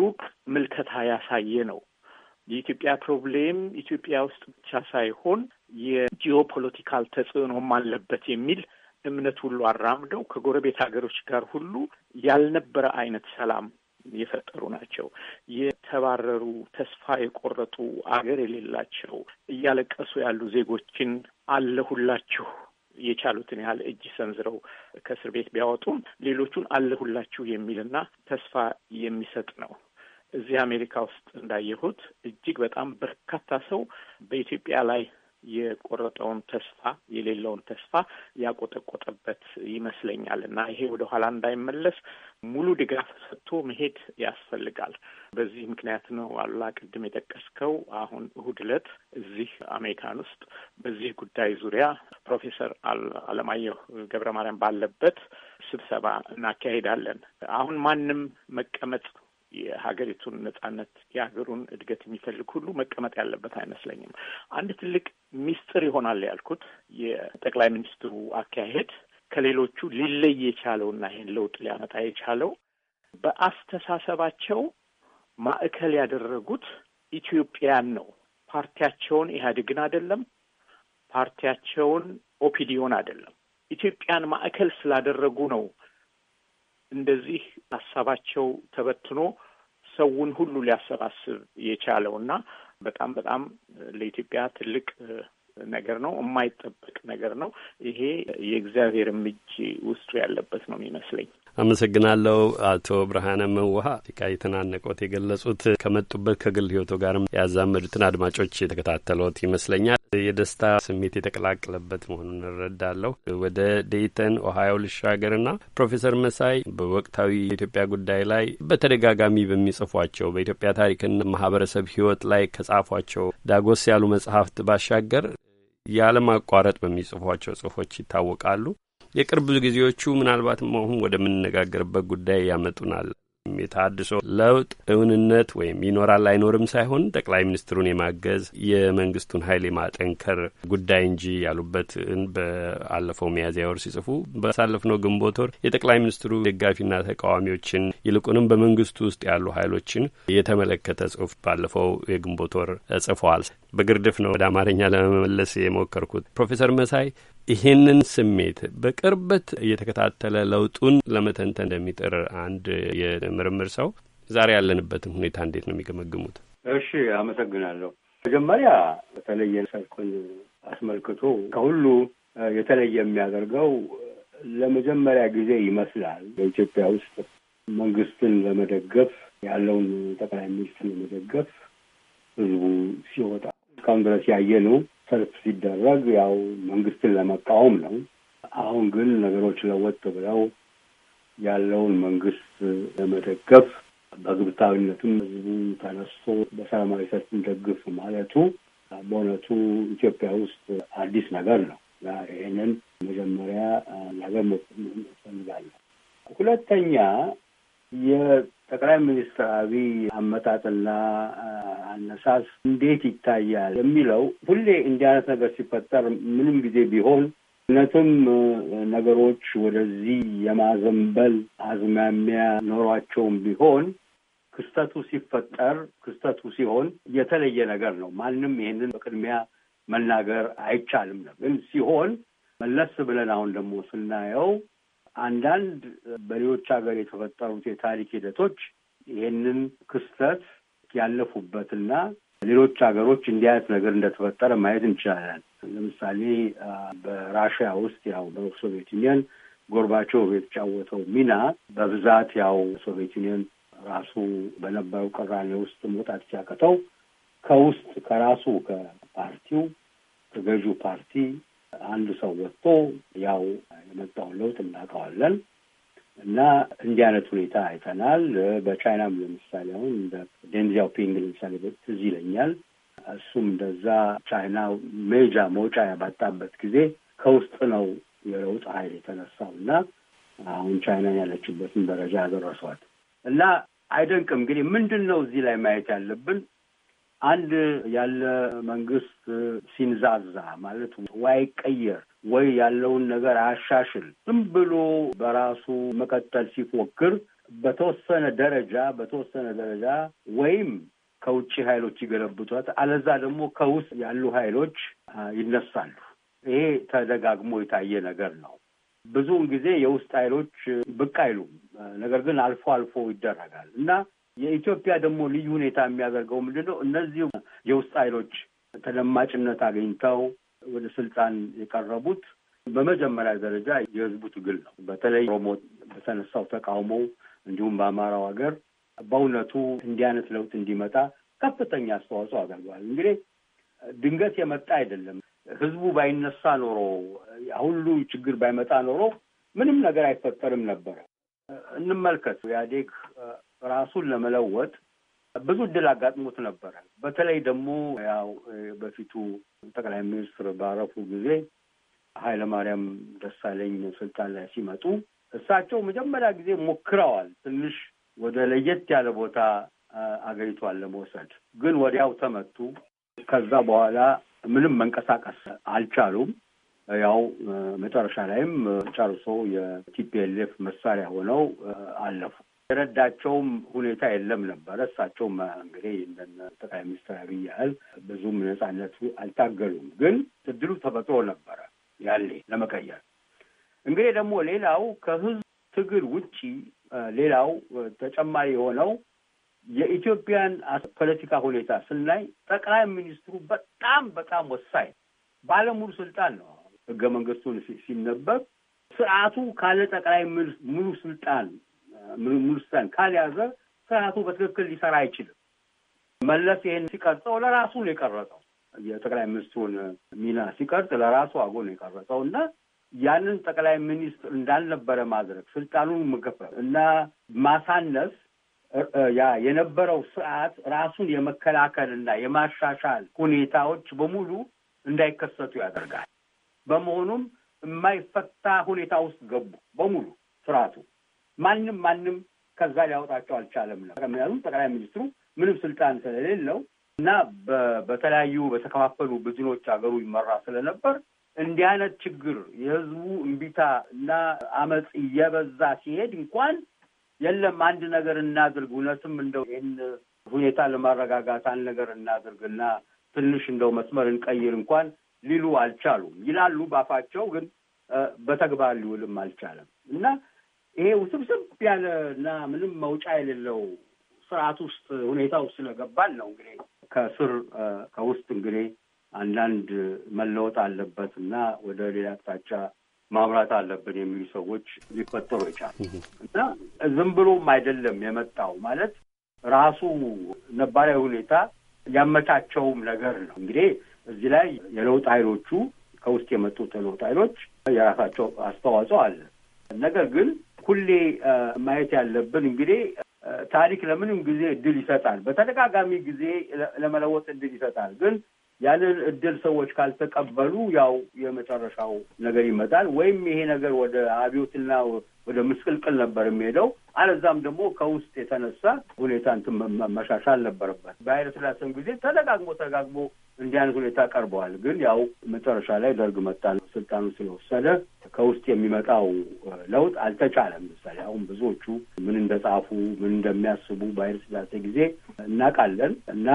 ሩቅ ምልከታ ያሳየ ነው። የኢትዮጵያ ፕሮብሌም ኢትዮጵያ ውስጥ ብቻ ሳይሆን የጂኦፖለቲካል ተጽዕኖም አለበት የሚል እምነት ሁሉ አራምደው ከጎረቤት ሀገሮች ጋር ሁሉ ያልነበረ አይነት ሰላም የፈጠሩ ናቸው። የተባረሩ ተስፋ የቆረጡ አገር የሌላቸው እያለቀሱ ያሉ ዜጎችን አለሁላችሁ የቻሉትን ያህል እጅ ሰንዝረው ከእስር ቤት ቢያወጡም ሌሎቹን አለሁላችሁ የሚልና ተስፋ የሚሰጥ ነው። እዚህ አሜሪካ ውስጥ እንዳየሁት እጅግ በጣም በርካታ ሰው በኢትዮጵያ ላይ የቆረጠውን ተስፋ የሌለውን ተስፋ ያቆጠቆጠበት ይመስለኛል እና ይሄ ወደ ኋላ እንዳይመለስ ሙሉ ድጋፍ ሰጥቶ መሄድ ያስፈልጋል። በዚህ ምክንያት ነው አሉላ ቅድም የጠቀስከው አሁን እሁድ ዕለት እዚህ አሜሪካን ውስጥ በዚህ ጉዳይ ዙሪያ ፕሮፌሰር አለማየሁ ገብረ ማርያም ባለበት ስብሰባ እናካሄዳለን። አሁን ማንም መቀመጥ የሀገሪቱን ነጻነት የሀገሩን እድገት የሚፈልግ ሁሉ መቀመጥ ያለበት አይመስለኝም። አንድ ትልቅ ሚስጥር ይሆናል ያልኩት የጠቅላይ ሚኒስትሩ አካሄድ ከሌሎቹ ሊለይ የቻለውና ይህን ለውጥ ሊያመጣ የቻለው በአስተሳሰባቸው ማዕከል ያደረጉት ኢትዮጵያን ነው። ፓርቲያቸውን ኢህአዴግን አይደለም፣ ፓርቲያቸውን ኦፒዲዮን አይደለም። ኢትዮጵያን ማዕከል ስላደረጉ ነው እንደዚህ ሀሳባቸው ተበትኖ ሰውን ሁሉ ሊያሰባስብ የቻለው እና በጣም በጣም ለኢትዮጵያ ትልቅ ነገር ነው። የማይጠበቅ ነገር ነው። ይሄ የእግዚአብሔር እጅ ውስጡ ያለበት ነው የሚመስለኝ። አመሰግናለሁ። አቶ ብርሃነ መውሃ ቃ የተናነቆት የገለጹት ከመጡበት ከግል ህይወቶ ጋርም ያዛመዱትን አድማጮች የተከታተሉት ይመስለኛል። የደስታ ስሜት የተቀላቀለበት መሆኑን እንረዳለው ወደ ዴይተን ኦሃዮ ልሻገርና ፕሮፌሰር መሳይ በወቅታዊ የኢትዮጵያ ጉዳይ ላይ በተደጋጋሚ በሚጽፏቸው በኢትዮጵያ ታሪክና ማህበረሰብ ሕይወት ላይ ከጻፏቸው ዳጎስ ያሉ መጽሐፍት ባሻገር ያለማቋረጥ በሚጽፏቸው ጽሁፎች ይታወቃሉ። የቅርብ ጊዜዎቹ ምናልባትም አሁን ወደምንነጋገርበት ጉዳይ ያመጡናል። የታድሶ ለውጥ እውንነት ወይም ይኖራል አይኖርም ሳይሆን ጠቅላይ ሚኒስትሩን የማገዝ የመንግስቱን ኃይል የማጠንከር ጉዳይ እንጂ ያሉበትን በአለፈው ሚያዝያ ወር ሲጽፉ ባሳለፍነው ግንቦት ወር የጠቅላይ ሚኒስትሩ ደጋፊና ተቃዋሚዎችን ይልቁንም በመንግስቱ ውስጥ ያሉ ኃይሎችን የተመለከተ ጽሁፍ ባለፈው የግንቦት ወር ጽፈዋል። በግርድፍ ነው ወደ አማርኛ ለመመለስ የሞከርኩት። ፕሮፌሰር መሳይ ይሄንን ስሜት በቅርበት እየተከታተለ ለውጡን ለመተንተን እንደሚጥር አንድ የምርምር ሰው ዛሬ ያለንበትን ሁኔታ እንዴት ነው የሚገመግሙት? እሺ፣ አመሰግናለሁ። መጀመሪያ በተለየ ሰርኩን አስመልክቶ ከሁሉ የተለየ የሚያደርገው ለመጀመሪያ ጊዜ ይመስላል በኢትዮጵያ ውስጥ መንግስትን ለመደገፍ ያለውን ጠቅላይ ሚኒስትር ለመደገፍ ህዝቡ ሲወጣ እስካሁን ድረስ ያየ ነው ሰልፍ ሲደረግ ያው መንግስትን ለመቃወም ነው። አሁን ግን ነገሮች ለወጥ ብለው ያለውን መንግስት ለመደገፍ በግብታዊነትም ህዝቡ ተነስቶ በሰላማዊ ሰልፍ እንደግፍ ማለቱ በእውነቱ ኢትዮጵያ ውስጥ አዲስ ነገር ነው ይህንን መጀመሪያ ነገር ፈልጋለሁ። ሁለተኛ ጠቅላይ ሚኒስትር አብይ አመጣጥና አነሳስ እንዴት ይታያል የሚለው ሁሌ እንዲህ አይነት ነገር ሲፈጠር ምንም ጊዜ ቢሆን እውነትም ነገሮች ወደዚህ የማዘንበል አዝማሚያ ኖሯቸውም ቢሆን ክስተቱ ሲፈጠር ክስተቱ ሲሆን የተለየ ነገር ነው። ማንም ይሄንን በቅድሚያ መናገር አይቻልም ነው። ግን ሲሆን መለስ ብለን አሁን ደግሞ ስናየው አንዳንድ በሌሎች ሀገር የተፈጠሩት የታሪክ ሂደቶች ይህንን ክስተት ያለፉበትና ሌሎች ሀገሮች እንዲህ አይነት ነገር እንደተፈጠረ ማየት እንችላለን። ለምሳሌ በራሽያ ውስጥ ያው በሶቪየት ዩኒየን ጎርባቾቭ የተጫወተው ሚና በብዛት ያው ሶቪየት ዩኒየን ራሱ በነበረው ቅራኔ ውስጥ መውጣት ሲያቅተው ከውስጥ ከራሱ ከፓርቲው ከገዢው ፓርቲ አንድ ሰው ወጥቶ ያው የመጣውን ለውጥ እናውቀዋለን እና እንዲህ አይነት ሁኔታ አይተናል። በቻይናም ለምሳሌ አሁን እንደ ደንዚያው ፒንግ ለምሳሌ ትዝ ይለኛል። እሱም እንደዛ ቻይና ሜጃ መውጫ ያባጣበት ጊዜ ከውስጥ ነው የለውጥ ኃይል የተነሳው እና አሁን ቻይና ያለችበትን ደረጃ ያደረሷት እና አይደንቅም። እንግዲህ ምንድን ነው እዚህ ላይ ማየት ያለብን አንድ ያለ መንግስት ሲንዛዛ ማለት ዋይቀየር ወይ ያለውን ነገር አያሻሽል ዝም ብሎ በራሱ መቀጠል ሲፎክር በተወሰነ ደረጃ በተወሰነ ደረጃ ወይም ከውጭ ኃይሎች ይገለብቷት፣ አለዛ ደግሞ ከውስጥ ያሉ ኃይሎች ይነሳሉ። ይሄ ተደጋግሞ የታየ ነገር ነው። ብዙውን ጊዜ የውስጥ ኃይሎች ብቅ አይሉም። ነገር ግን አልፎ አልፎ ይደረጋል እና የኢትዮጵያ ደግሞ ልዩ ሁኔታ የሚያደርገው ምንድን ነው? የውስጥ ኃይሎች ተደማጭነት አግኝተው ወደ ስልጣን የቀረቡት በመጀመሪያ ደረጃ የህዝቡ ትግል ነው። በተለይ ኦሮሞ በተነሳው ተቃውሞ እንዲሁም በአማራው ሀገር በእውነቱ እንዲህ አይነት ለውጥ እንዲመጣ ከፍተኛ አስተዋጽኦ አድርገዋል። እንግዲህ ድንገት የመጣ አይደለም። ህዝቡ ባይነሳ ኖሮ ሁሉ ችግር ባይመጣ ኖሮ ምንም ነገር አይፈጠርም ነበረ። እንመልከት ኢህአዴግ ራሱን ለመለወጥ ብዙ እድል አጋጥሞት ነበረ። በተለይ ደግሞ ያው በፊቱ ጠቅላይ ሚኒስትር ባረፉ ጊዜ ኃይለማርያም ደሳለኝ ስልጣን ላይ ሲመጡ እሳቸው መጀመሪያ ጊዜ ሞክረዋል ትንሽ ወደ ለየት ያለ ቦታ አገሪቷን ለመውሰድ ግን ወዲያው ተመቱ። ከዛ በኋላ ምንም መንቀሳቀስ አልቻሉም። ያው መጨረሻ ላይም ጨርሶ የቲፒኤልኤፍ መሳሪያ ሆነው አለፉ። የረዳቸውም ሁኔታ የለም ነበረ። እሳቸውም እንግዲህ እንደ ጠቅላይ ሚኒስትር አብይ ያህል ብዙም ነጻነቱ አልታገሉም፣ ግን እድሉ ተፈጥሮ ነበረ ያሌ ለመቀየር። እንግዲህ ደግሞ ሌላው ከህዝብ ትግል ውጪ ሌላው ተጨማሪ የሆነው የኢትዮጵያን ፖለቲካ ሁኔታ ስናይ ጠቅላይ ሚኒስትሩ በጣም በጣም ወሳኝ ባለሙሉ ስልጣን ነው። ህገ መንግስቱን ሲነበብ ስርዓቱ ካለ ጠቅላይ ሙሉ ስልጣን ሙልሰን ካልያዘ ስርዓቱ በትክክል ሊሰራ አይችልም። መለስ ይህን ሲቀርጸው ለራሱ ነው የቀረጸው። የጠቅላይ ሚኒስትሩን ሚና ሲቀርጽ ለራሱ አጎ ነው የቀረጸው እና ያንን ጠቅላይ ሚኒስትር እንዳልነበረ ማድረግ ስልጣኑን መገፈፍ እና ማሳነስ ያ የነበረው ስርዓት ራሱን የመከላከል እና የማሻሻል ሁኔታዎች በሙሉ እንዳይከሰቱ ያደርጋል። በመሆኑም የማይፈታ ሁኔታ ውስጥ ገቡ በሙሉ ስርዓቱ ማንም ማንም ከዛ ሊያወጣቸው አልቻለም ነው ምክንያቱም ጠቅላይ ሚኒስትሩ ምንም ስልጣን ስለሌለው እና በተለያዩ በተከፋፈሉ ብዝኖች ሀገሩ ይመራ ስለነበር እንዲህ አይነት ችግር የህዝቡ እምቢታ እና አመፅ እየበዛ ሲሄድ እንኳን የለም አንድ ነገር እናድርግ፣ እውነትም እንደው ይህን ሁኔታ ለማረጋጋት አንድ ነገር እና ትንሽ እንደው መስመር እንቀይር እንኳን ሊሉ አልቻሉም። ይላሉ ባፋቸው፣ ግን በተግባር ሊውልም አልቻለም እና ይሄ ውስብስብ ያለ እና ምንም መውጫ የሌለው ስርዓት ውስጥ ሁኔታ ውስጥ ስለገባን ነው እንግዲህ ከስር ከውስጥ እንግዲህ አንዳንድ መለወጥ አለበት እና ወደ ሌላ አቅጣጫ ማምራት አለብን የሚሉ ሰዎች ሊፈጠሩ ይቻል እና ዝም ብሎም አይደለም የመጣው ማለት ራሱ ነባራዊ ሁኔታ ያመቻቸውም ነገር ነው። እንግዲህ እዚህ ላይ የለውጥ ኃይሎቹ ከውስጥ የመጡት የለውጥ ኃይሎች የራሳቸው አስተዋጽኦ አለ። ነገር ግን ሁሌ ማየት ያለብን እንግዲህ ታሪክ ለምንም ጊዜ እድል ይሰጣል፣ በተደጋጋሚ ጊዜ ለመለወጥ እድል ይሰጣል። ግን ያንን እድል ሰዎች ካልተቀበሉ ያው የመጨረሻው ነገር ይመጣል። ወይም ይሄ ነገር ወደ አብዮትና ወደ ምስቅልቅል ነበር የሚሄደው። አለዛም ደግሞ ከውስጥ የተነሳ ሁኔታ እንትን መሻሻል ነበረበት። በኃይለ ሥላሴም ጊዜ ተደጋግሞ ተደጋግሞ እንዲህ አይነት ሁኔታ ቀርበዋል። ግን ያው መጨረሻ ላይ ደርግ መጣል ስልጣኑ ስለወሰደ ከውስጥ የሚመጣው ለውጥ አልተቻለም። ምሳሌ አሁን ብዙዎቹ ምን እንደጻፉ ምን እንደሚያስቡ ባይር ስላሴ ጊዜ እናውቃለን እና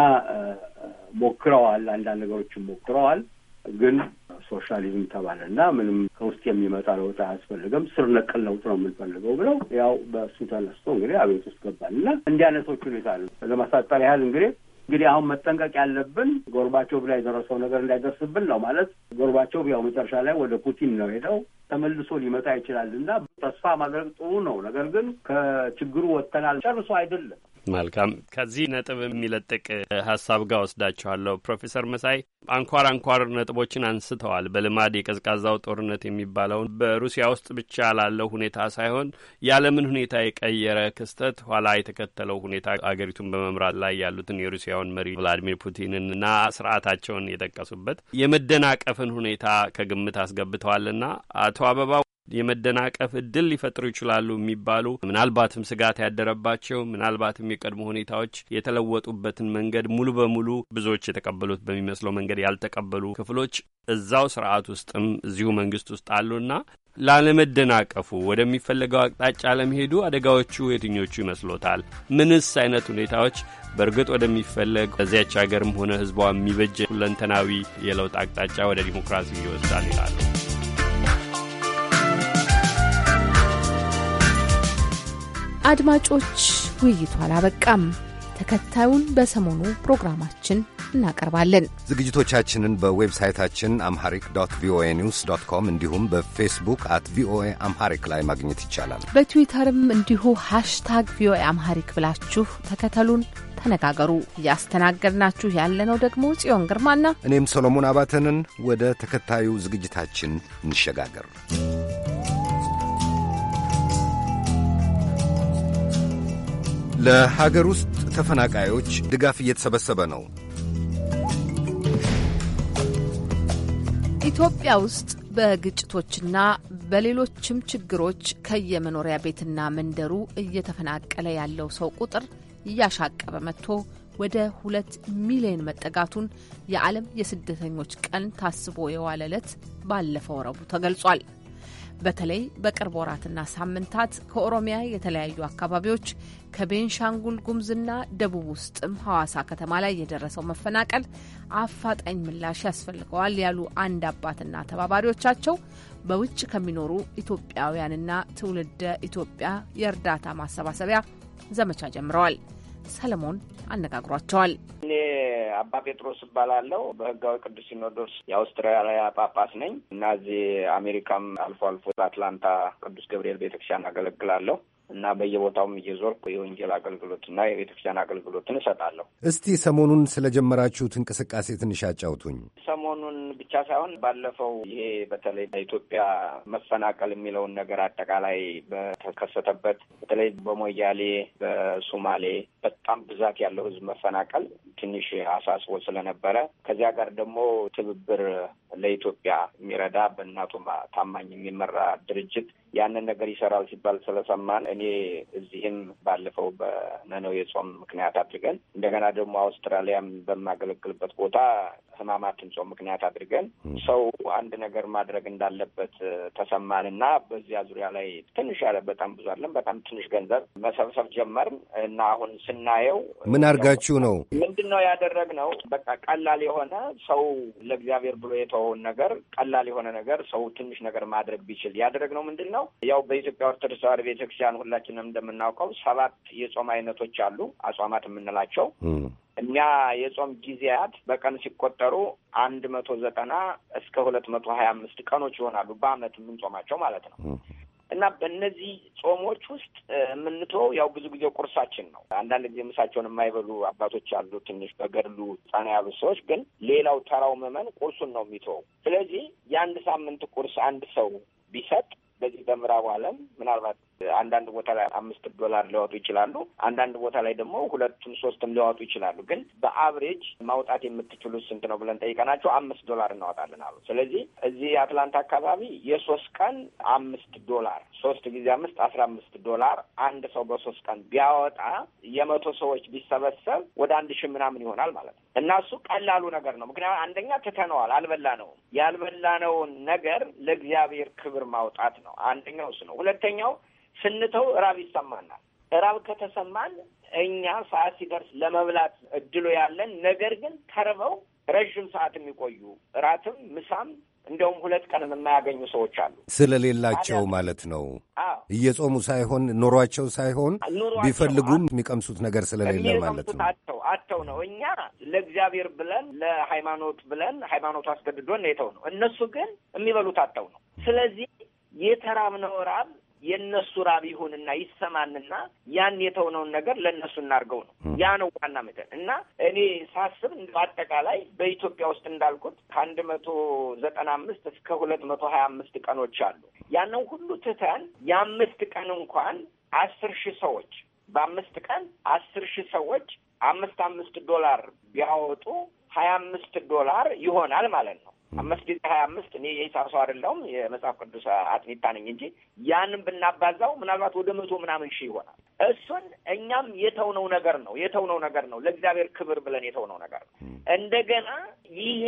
ሞክረዋል፣ አንዳንድ ነገሮችን ሞክረዋል። ግን ሶሻሊዝም ተባለ እና ምንም ከውስጥ የሚመጣ ለውጥ አያስፈልግም፣ ስር ነቀል ለውጥ ነው የምንፈልገው ብለው ያው በሱ ተነስቶ እንግዲህ አቤት ውስጥ ገባል እና እንዲህ አይነቶች ሁኔታ ለማሳጠር ያህል እንግዲህ እንግዲህ አሁን መጠንቀቅ ያለብን ጎርባቾቭ ላይ የደረሰው ነገር እንዳይደርስብን ነው። ማለት ጎርባቾቭ ያው መጨረሻ ላይ ወደ ፑቲን ነው ሄደው ተመልሶ ሊመጣ ይችላል እና ተስፋ ማድረግ ጥሩ ነው። ነገር ግን ከችግሩ ወጥተናል ጨርሶ አይደለም። መልካም ከዚህ ነጥብ የሚለጥቅ ሀሳብ ጋር ወስዳችኋለሁ። ፕሮፌሰር መሳይ አንኳር አንኳር ነጥቦችን አንስተዋል። በልማድ የቀዝቃዛው ጦርነት የሚባለውን በሩሲያ ውስጥ ብቻ ላለው ሁኔታ ሳይሆን ያለምን ሁኔታ የቀየረ ክስተት ኋላ የተከተለው ሁኔታ አገሪቱን በመምራት ላይ ያሉትን የሩሲያውን መሪ ቭላዲሚር እና ስርዓታቸውን የጠቀሱበት የመደናቀፍን ሁኔታ ከግምት አስገብተዋልና አቶ አበባ የመደናቀፍ እድል ሊፈጥሩ ይችላሉ የሚባሉ ምናልባትም ስጋት ያደረባቸው ምናልባትም የቀድሞ ሁኔታዎች የተለወጡበትን መንገድ ሙሉ በሙሉ ብዙዎች የተቀበሉት በሚመስለው መንገድ ያልተቀበሉ ክፍሎች እዛው ስርዓት ውስጥም እዚሁ መንግስት ውስጥ አሉና ላለመደናቀፉ ወደሚፈለገው አቅጣጫ ለመሄዱ አደጋዎቹ የትኞቹ ይመስሎታል? ምንስ አይነት ሁኔታዎች በእርግጥ ወደሚፈለግ በዚያች ሀገርም ሆነ ህዝቧ የሚበጀ ሁለንተናዊ የለውጥ አቅጣጫ ወደ ዲሞክራሲ ይወስዳል ይላሉ? አድማጮች፣ ውይይቱ አላበቃም። ተከታዩን በሰሞኑ ፕሮግራማችን እናቀርባለን። ዝግጅቶቻችንን በዌብሳይታችን አምሃሪክ ዶት ቪኦኤ ኒውስ ዶት ኮም እንዲሁም በፌስቡክ አት ቪኦኤ አምሃሪክ ላይ ማግኘት ይቻላል። በትዊተርም እንዲሁ ሃሽታግ ቪኦኤ አምሃሪክ ብላችሁ ተከተሉን፣ ተነጋገሩ። እያስተናገድናችሁ ያለነው ደግሞ ጽዮን ግርማና እኔም ሰሎሞን አባተንን። ወደ ተከታዩ ዝግጅታችን እንሸጋገር። ለሀገር ውስጥ ተፈናቃዮች ድጋፍ እየተሰበሰበ ነው። ኢትዮጵያ ውስጥ በግጭቶችና በሌሎችም ችግሮች ከየመኖሪያ ቤትና መንደሩ እየተፈናቀለ ያለው ሰው ቁጥር እያሻቀበ መጥቶ ወደ ሁለት ሚሊዮን መጠጋቱን የዓለም የስደተኞች ቀን ታስቦ የዋለ ዕለት ባለፈው ረቡዕ ተገልጿል። በተለይ በቅርብ ወራትና ሳምንታት ከኦሮሚያ የተለያዩ አካባቢዎች ከቤንሻንጉል ጉምዝና ደቡብ ውስጥም ሐዋሳ ከተማ ላይ የደረሰው መፈናቀል አፋጣኝ ምላሽ ያስፈልገዋል ያሉ አንድ አባትና ተባባሪዎቻቸው በውጭ ከሚኖሩ ኢትዮጵያውያንና ትውልደ ኢትዮጵያ የእርዳታ ማሰባሰቢያ ዘመቻ ጀምረዋል። ሰለሞን አነጋግሯቸዋል። እኔ አባ ጴጥሮስ እባላለሁ። በህጋዊ ቅዱስ ሲኖዶስ የአውስትራሊያ ጳጳስ ነኝ እና እዚህ አሜሪካም አልፎ አልፎ በአትላንታ ቅዱስ ገብርኤል ቤተክርስቲያን አገለግላለሁ። እና በየቦታውም እየዞርኩ የወንጌል አገልግሎትና የቤተክርስቲያን አገልግሎትን እሰጣለሁ። እስቲ ሰሞኑን ስለጀመራችሁት እንቅስቃሴ ትንሽ አጫውቱኝ። ሰሞኑን ብቻ ሳይሆን ባለፈው ይሄ በተለይ በኢትዮጵያ መፈናቀል የሚለውን ነገር አጠቃላይ በተከሰተበት በተለይ በሞያሌ በሱማሌ በጣም ብዛት ያለው ህዝብ መፈናቀል ትንሽ አሳስቦ ስለነበረ ከዚያ ጋር ደግሞ ትብብር ለኢትዮጵያ የሚረዳ በእናቱ ታማኝ የሚመራ ድርጅት ያንን ነገር ይሰራል ሲባል ስለሰማን እኔ እዚህም ባለፈው በነነው ጾም ምክንያት አድርገን እንደገና ደግሞ አውስትራሊያም በማገለግልበት ቦታ ህማማትን ጾም ምክንያት አድርገን ሰው አንድ ነገር ማድረግ እንዳለበት ተሰማን እና በዚያ ዙሪያ ላይ ትንሽ ያለ በጣም ብዙ አለን በጣም ትንሽ ገንዘብ መሰብሰብ ጀመርን እና አሁን ስናየው ምን አድርጋችሁ ነው ምንድን ነው ያደረግነው? በቃ ቀላል የሆነ ሰው ለእግዚአብሔር ብሎ የተወውን ነገር ቀላል የሆነ ነገር ሰው ትንሽ ነገር ማድረግ ቢችል ያደረግነው ምንድን ነው ነው። ያው በኢትዮጵያ ኦርቶዶክስ ተዋህዶ ቤተክርስቲያን ሁላችንም እንደምናውቀው ሰባት የጾም አይነቶች አሉ፣ አጽዋማት የምንላቸው እኛ የጾም ጊዜያት በቀን ሲቆጠሩ አንድ መቶ ዘጠና እስከ ሁለት መቶ ሀያ አምስት ቀኖች ይሆናሉ በአመት የምንጾማቸው ማለት ነው። እና በእነዚህ ጾሞች ውስጥ የምንተወው ያው ብዙ ጊዜ ቁርሳችን ነው። አንዳንድ ጊዜ ምሳቸውን የማይበሉ አባቶች አሉ። ትንሽ በገድሉ ጻና ያሉ ሰዎች ግን ሌላው ተራው መመን ቁርሱን ነው የሚተወው። ስለዚህ የአንድ ሳምንት ቁርስ አንድ ሰው ቢሰጥ በዚህ በምዕራቡ ዓለም ምናልባት አንዳንድ ቦታ ላይ አምስት ዶላር ሊያወጡ ይችላሉ። አንዳንድ ቦታ ላይ ደግሞ ሁለቱም ሶስትም ሊያወጡ ይችላሉ። ግን በአብሬጅ ማውጣት የምትችሉት ስንት ነው ብለን ጠይቀናቸው አምስት ዶላር እናወጣለን አሉ። ስለዚህ እዚህ የአትላንታ አካባቢ የሶስት ቀን አምስት ዶላር ሶስት ጊዜ አምስት አስራ አምስት ዶላር አንድ ሰው በሶስት ቀን ቢያወጣ የመቶ ሰዎች ቢሰበሰብ ወደ አንድ ሺህ ምናምን ይሆናል ማለት ነው። እና እሱ ቀላሉ ነገር ነው። ምክንያቱም አንደኛ ትተነዋል፣ አልበላነውም። ያልበላነውን ነገር ለእግዚአብሔር ክብር ማውጣት ነው አንደኛው እሱ ነው። ሁለተኛው ስንተው እራብ ይሰማናል። እራብ ከተሰማን እኛ ሰዓት ሲደርስ ለመብላት እድሉ ያለን ነገር ግን ተርበው ረዥም ሰዓት የሚቆዩ እራትም ምሳም እንደውም ሁለት ቀን የማያገኙ ሰዎች አሉ። ስለሌላቸው ማለት ነው። እየጾሙ ሳይሆን ኑሯቸው ሳይሆን ቢፈልጉም የሚቀምሱት ነገር ስለሌለ ማለት ነው። አተው አተው ነው። እኛ ለእግዚአብሔር ብለን ለሃይማኖት ብለን ሃይማኖቱ አስገድዶን የተው ነው። እነሱ ግን የሚበሉት አተው ነው። ስለዚህ የተራብነው ራብ የእነሱ ራብ ይሁንና ይሰማንና ያን የተውነውን ነገር ለእነሱ እናርገው ነው። ያ ነው ዋና መጠን እና እኔ ሳስብ በአጠቃላይ በኢትዮጵያ ውስጥ እንዳልኩት ከአንድ መቶ ዘጠና አምስት እስከ ሁለት መቶ ሀያ አምስት ቀኖች አሉ። ያንን ሁሉ ትተን የአምስት ቀን እንኳን አስር ሺህ ሰዎች በአምስት ቀን አስር ሺህ ሰዎች አምስት አምስት ዶላር ቢያወጡ ሀያ አምስት ዶላር ይሆናል ማለት ነው። አምስት ጊዜ ሀያ አምስት እኔ የሂሳብ ሰው አይደለሁም የመጽሐፍ ቅዱስ አጥኔታ ነኝ እንጂ ያንን ብናባዛው ምናልባት ወደ መቶ ምናምን ሺህ ይሆናል። እሱን እኛም የተውነው ነገር ነው የተውነው ነገር ነው ለእግዚአብሔር ክብር ብለን የተውነው ነገር ነው። እንደገና ይሄ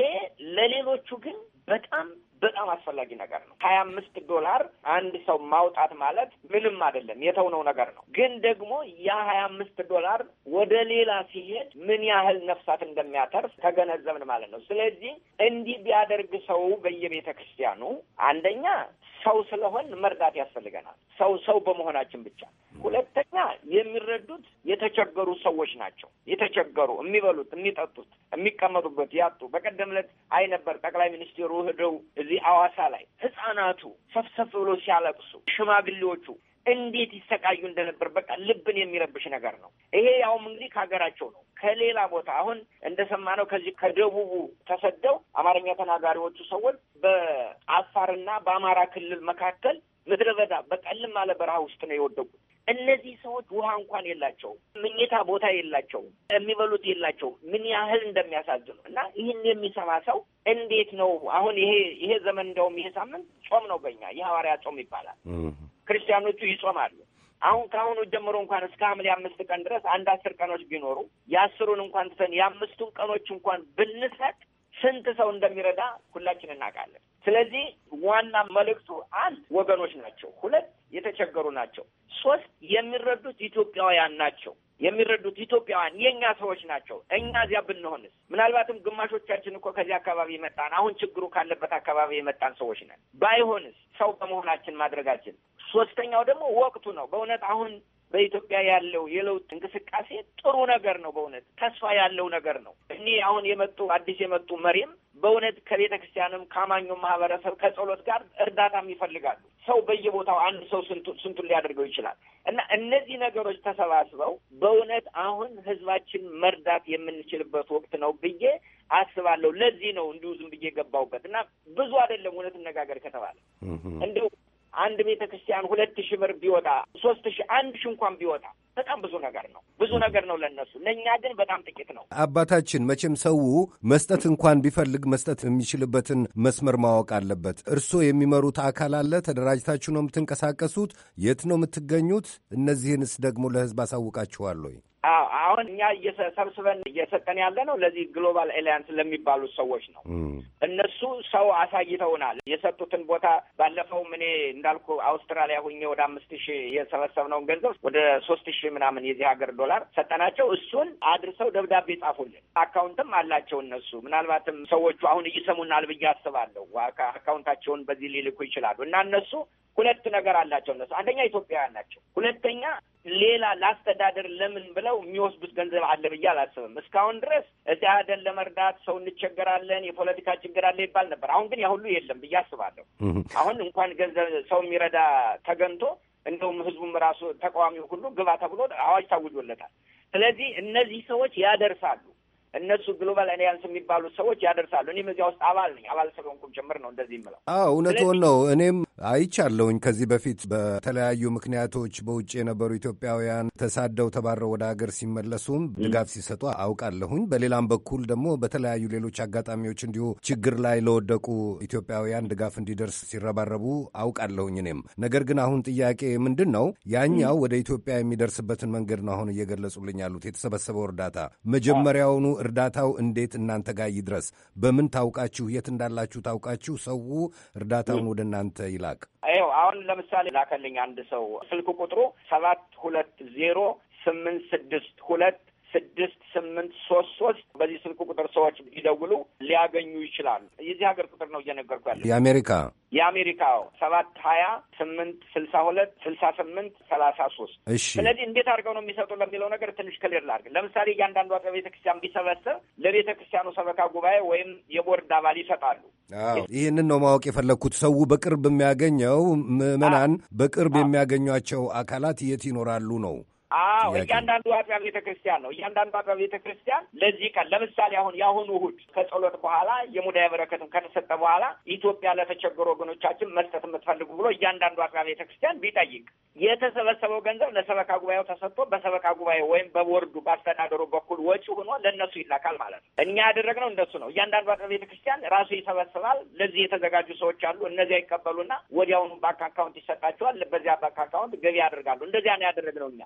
ለሌሎቹ ግን በጣም በጣም አስፈላጊ ነገር ነው። ሀያ አምስት ዶላር አንድ ሰው ማውጣት ማለት ምንም አይደለም፣ የተውነው ነገር ነው። ግን ደግሞ ያ ሀያ አምስት ዶላር ወደ ሌላ ሲሄድ ምን ያህል ነፍሳት እንደሚያተርፍ ተገነዘብን ማለት ነው። ስለዚህ እንዲህ ቢያደርግ ሰው በየቤተ ክርስቲያኑ አንደኛ ሰው ስለሆን መርዳት ያስፈልገናል። ሰው ሰው በመሆናችን ብቻ። ሁለተኛ የሚረዱት የተቸገሩ ሰዎች ናቸው። የተቸገሩ የሚበሉት፣ የሚጠጡት፣ የሚቀመጡበት ያጡ። በቀደም ዕለት አይ ነበር ጠቅላይ ሚኒስትሩ ሄደው እዚህ አዋሳ ላይ ህጻናቱ ሰፍሰፍ ብሎ ሲያለቅሱ፣ ሽማግሌዎቹ እንዴት ይሰቃዩ እንደነበር በቃ ልብን የሚረብሽ ነገር ነው። ይሄ ያውም እንግዲህ ከሀገራቸው ነው ከሌላ ቦታ አሁን እንደሰማነው ከዚህ ከደቡቡ ተሰደው አማርኛ ተናጋሪዎቹ ሰዎች በአፋርና በአማራ ክልል መካከል ምድረ በዳ በቀልም አለ በረሃ ውስጥ ነው የወደቁት። እነዚህ ሰዎች ውሃ እንኳን የላቸውም፣ ምኝታ ቦታ የላቸውም፣ የሚበሉት የላቸውም። ምን ያህል እንደሚያሳዝኑ እና ይህን የሚሰማ ሰው እንዴት ነው አሁን ይሄ ይሄ ዘመን እንደውም ይሄ ሳምንት ጾም ነው በኛ የሐዋርያ ጾም ይባላል። ክርስቲያኖቹ ይጾማሉ። አሁን ከአሁኑ ጀምሮ እንኳን እስከ ሐምሌ አምስት ቀን ድረስ አንድ አስር ቀኖች ቢኖሩ የአስሩን እንኳን ትተን የአምስቱን ቀኖች እንኳን ብንሰጥ ስንት ሰው እንደሚረዳ ሁላችን እናውቃለን። ስለዚህ ዋና መልእክቱ አንድ ወገኖች ናቸው፣ ሁለት የተቸገሩ ናቸው፣ ሶስት የሚረዱት ኢትዮጵያውያን ናቸው። የሚረዱት ኢትዮጵያውያን የእኛ ሰዎች ናቸው። እኛ እዚያ ብንሆንስ? ምናልባትም ግማሾቻችን እኮ ከዚህ አካባቢ የመጣን አሁን ችግሩ ካለበት አካባቢ የመጣን ሰዎች ነን። ባይሆንስ ሰው በመሆናችን ማድረጋችን ሶስተኛው ደግሞ ወቅቱ ነው። በእውነት አሁን በኢትዮጵያ ያለው የለውጥ እንቅስቃሴ ጥሩ ነገር ነው። በእውነት ተስፋ ያለው ነገር ነው። እኒህ አሁን የመጡ አዲስ የመጡ መሪም በእውነት ከቤተ ክርስቲያንም ከአማኙ ማህበረሰብ ከጸሎት ጋር እርዳታም ይፈልጋሉ። ሰው በየቦታው አንድ ሰው ስንቱን ሊያደርገው ይችላል እና እነዚህ ነገሮች ተሰባስበው በእውነት አሁን ህዝባችን መርዳት የምንችልበት ወቅት ነው ብዬ አስባለሁ። ለዚህ ነው እንዲሁ ዝም ብዬ ገባሁበት እና ብዙ አይደለም እውነት እነጋገር ከተባለ እንዲሁ አንድ ቤተ ክርስቲያን ሁለት ሺህ ብር ቢወጣ ሶስት ሺህ አንድ ሺህ እንኳን ቢወጣ በጣም ብዙ ነገር ነው፣ ብዙ ነገር ነው ለነሱ። ለእኛ ግን በጣም ጥቂት ነው። አባታችን መቼም ሰው መስጠት እንኳን ቢፈልግ መስጠት የሚችልበትን መስመር ማወቅ አለበት። እርስዎ የሚመሩት አካል አለ። ተደራጅታችሁ ነው የምትንቀሳቀሱት? የት ነው የምትገኙት? እነዚህንስ ደግሞ ለህዝብ አሳውቃችኋል ወይ? አሁን እኛ እየሰብስበን እየሰጠን ያለ ነው ለዚህ ግሎባል ኤሊያንስ ለሚባሉት ሰዎች ነው። እነሱ ሰው አሳይተውናል የሰጡትን ቦታ። ባለፈውም እኔ እንዳልኩ አውስትራሊያ ሁኜ ወደ አምስት ሺህ የሰበሰብነውን ገንዘብ ወደ ሶስት ሺህ ምናምን የዚህ ሀገር ዶላር ሰጠናቸው። እሱን አድርሰው ደብዳቤ ጻፉልን። አካውንትም አላቸው እነሱ። ምናልባትም ሰዎቹ አሁን እይሰሙናል ብዬ አስባለሁ። አካውንታቸውን በዚህ ሊልኩ ይችላሉ። እና እነሱ ሁለት ነገር አላቸው እነሱ አንደኛ ኢትዮጵያውያን ናቸው፣ ሁለተኛ ሌላ ለአስተዳደር ለምን ብለው ብለው የሚወስዱት ገንዘብ አለ ብዬ አላስብም። እስካሁን ድረስ አደን ለመርዳት ሰው እንቸገራለን፣ የፖለቲካ ችግር አለ ይባል ነበር። አሁን ግን ያ ሁሉ የለም ብዬ አስባለሁ። አሁን እንኳን ገንዘብ ሰው የሚረዳ ተገንቶ እንደውም ህዝቡም ራሱ ተቃዋሚው ሁሉ ግባ ተብሎ አዋጅ ታውጆለታል። ስለዚህ እነዚህ ሰዎች ያደርሳሉ እነሱ ግሎባል አሊያንስ የሚባሉ ሰዎች ያደርሳሉ። እኔም እዚያ ውስጥ አባል ነኝ። አባል ስለሆንኩም ጭምር ነው እንደዚህ የምለው። አዎ እውነትን ነው። እኔም አይቻለሁኝ። ከዚህ በፊት በተለያዩ ምክንያቶች በውጭ የነበሩ ኢትዮጵያውያን ተሳደው ተባረው ወደ ሀገር ሲመለሱም ድጋፍ ሲሰጡ አውቃለሁኝ። በሌላም በኩል ደግሞ በተለያዩ ሌሎች አጋጣሚዎች እንዲሁ ችግር ላይ ለወደቁ ኢትዮጵያውያን ድጋፍ እንዲደርስ ሲረባረቡ አውቃለሁኝ እኔም። ነገር ግን አሁን ጥያቄ ምንድን ነው ያኛው ወደ ኢትዮጵያ የሚደርስበትን መንገድ ነው አሁን እየገለጹልኝ ያሉት የተሰበሰበው እርዳታ መጀመሪያውኑ እርዳታው እንዴት እናንተ ጋር ይድረስ? በምን ታውቃችሁ? የት እንዳላችሁ ታውቃችሁ? ሰው እርዳታውን ወደ እናንተ ይላክ። ይኸው አሁን ለምሳሌ ላከልኝ አንድ ሰው ስልክ ቁጥሩ ሰባት ሁለት ዜሮ ስምንት ስድስት ሁለት ስድስት ስምንት ሶስት ሶስት በዚህ ስልክ ቁጥር ሰዎች ይደውሉ ሊያገኙ ይችላሉ። የዚህ ሀገር ቁጥር ነው እየነገርኩ ያለ የአሜሪካ የአሜሪካው ሰባት ሀያ ስምንት ስልሳ ሁለት ስልሳ ስምንት ሰላሳ ሶስት እሺ። ስለዚህ እንዴት አድርገው ነው የሚሰጡ ለሚለው ነገር ትንሽ ክልል ላድርግ። ለምሳሌ እያንዳንዷ ቤተ ክርስቲያን ቢሰበሰብ ለቤተ ክርስቲያኑ ሰበካ ጉባኤ ወይም የቦርድ አባል ይሰጣሉ። ይህንን ነው ማወቅ የፈለግኩት። ሰው በቅርብ የሚያገኘው ምዕመናን በቅርብ የሚያገኟቸው አካላት የት ይኖራሉ ነው አዎ እያንዳንዱ አጥቢያ ቤተ ክርስቲያን ነው። እያንዳንዱ አጥቢያ ቤተ ክርስቲያን ለዚህ ቀን ለምሳሌ አሁን የአሁኑ እሁድ ከጸሎት በኋላ የሙዳየ በረከትም ከተሰጠ በኋላ ኢትዮጵያ ለተቸገሩ ወገኖቻችን መስጠት የምትፈልጉ ብሎ እያንዳንዱ አጥቢያ ቤተ ክርስቲያን ቢጠይቅ የተሰበሰበው ገንዘብ ለሰበካ ጉባኤው ተሰጥቶ በሰበካ ጉባኤ ወይም በቦርዱ በአስተዳደሩ በኩል ወጪ ሆኖ ለእነሱ ይላካል ማለት ነው። እኛ ያደረግነው እንደሱ ነው። እያንዳንዱ አጥቢያ ቤተ ክርስቲያን ራሱ ይሰበስባል። ለዚህ የተዘጋጁ ሰዎች አሉ። እነዚያ ይቀበሉና ወዲያውኑ ባንክ አካውንት ይሰጣቸዋል። በዚያ ባንክ አካውንት ገቢ ያደርጋሉ። እንደዚያ ነው ያደረግነው እኛ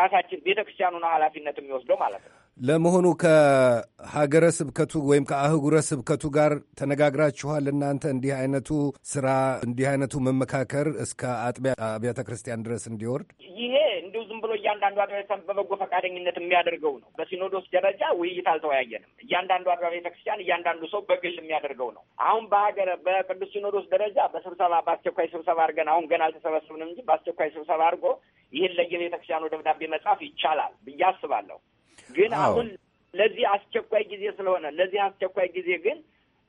ራሳችን ቤተ ክርስቲያኑ ነው ኃላፊነት የሚወስደው ማለት ነው። ለመሆኑ ከሀገረ ስብከቱ ወይም ከአህጉረ ስብከቱ ጋር ተነጋግራችኋል? እናንተ እንዲህ አይነቱ ስራ እንዲህ አይነቱ መመካከር እስከ አጥቢያ አብያተ ክርስቲያን ድረስ እንዲወርድ ይሄ እንዲሁ ዝም ብሎ እያንዳንዱ አጥቢያ ቤተክርስቲያን በበጎ ፈቃደኝነት የሚያደርገው ነው። በሲኖዶስ ደረጃ ውይይት አልተወያየንም። እያንዳንዱ አጥቢያ ቤተክርስቲያን እያንዳንዱ ሰው በግል የሚያደርገው ነው። አሁን በሀገረ በቅዱስ ሲኖዶስ ደረጃ በስብሰባ በአስቸኳይ ስብሰባ አድርገን አሁን ገና አልተሰበሰብንም እንጂ በአስቸኳይ ስብሰባ አድርጎ ይህን ለየቤተ ክርስቲያኑ ደብዳቤ መጻፍ ይቻላል ብዬ አስባለሁ። ግን አሁን ለዚህ አስቸኳይ ጊዜ ስለሆነ ለዚህ አስቸኳይ ጊዜ ግን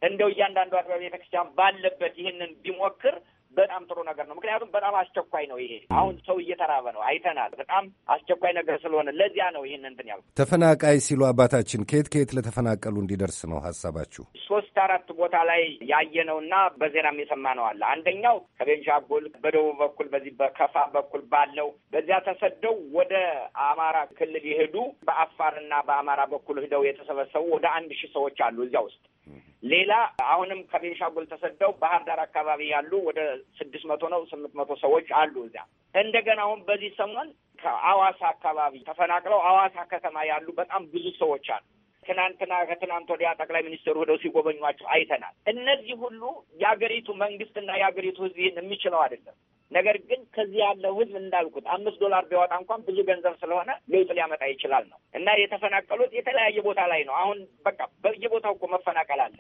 እንደው እያንዳንዱ አጥቢያ ቤተ ክርስቲያን ባለበት ይህንን ቢሞክር በጣም ጥሩ ነገር ነው። ምክንያቱም በጣም አስቸኳይ ነው። ይሄ አሁን ሰው እየተራበ ነው፣ አይተናል። በጣም አስቸኳይ ነገር ስለሆነ ለዚያ ነው ይህን እንትን ያሉ ተፈናቃይ ሲሉ አባታችን ከየት ከየት ለተፈናቀሉ እንዲደርስ ነው ሀሳባችሁ? ሶስት አራት ቦታ ላይ ያየነውና በዜናም የሰማነው አለ። አንደኛው ከቤንሻንጉል በደቡብ በኩል በዚህ በከፋ በኩል ባለው በዚያ ተሰደው ወደ አማራ ክልል የሄዱ በአፋርና በአማራ በኩል ሂደው የተሰበሰቡ ወደ አንድ ሺህ ሰዎች አሉ እዚያ ውስጥ ሌላ አሁንም ከቤንሻንጉል ተሰደው ባህር ዳር አካባቢ ያሉ ወደ ስድስት መቶ ነው ስምንት መቶ ሰዎች አሉ እዚያ። እንደገና አሁን በዚህ ሰሞን ከአዋሳ አካባቢ ተፈናቅለው አዋሳ ከተማ ያሉ በጣም ብዙ ሰዎች አሉ። ትናንትና ከትናንት ወዲያ ጠቅላይ ሚኒስትሩ ሄደው ሲጎበኟቸው አይተናል። እነዚህ ሁሉ የአገሪቱ መንግስትና የአገሪቱ ህዝብ ይህን የሚችለው አይደለም። ነገር ግን ከዚህ ያለው ህዝብ እንዳልኩት አምስት ዶላር ቢያወጣ እንኳን ብዙ ገንዘብ ስለሆነ ለውጥ ሊያመጣ ይችላል ነው እና የተፈናቀሉት የተለያየ ቦታ ላይ ነው። አሁን በቃ በየቦታው እኮ መፈናቀል አለ።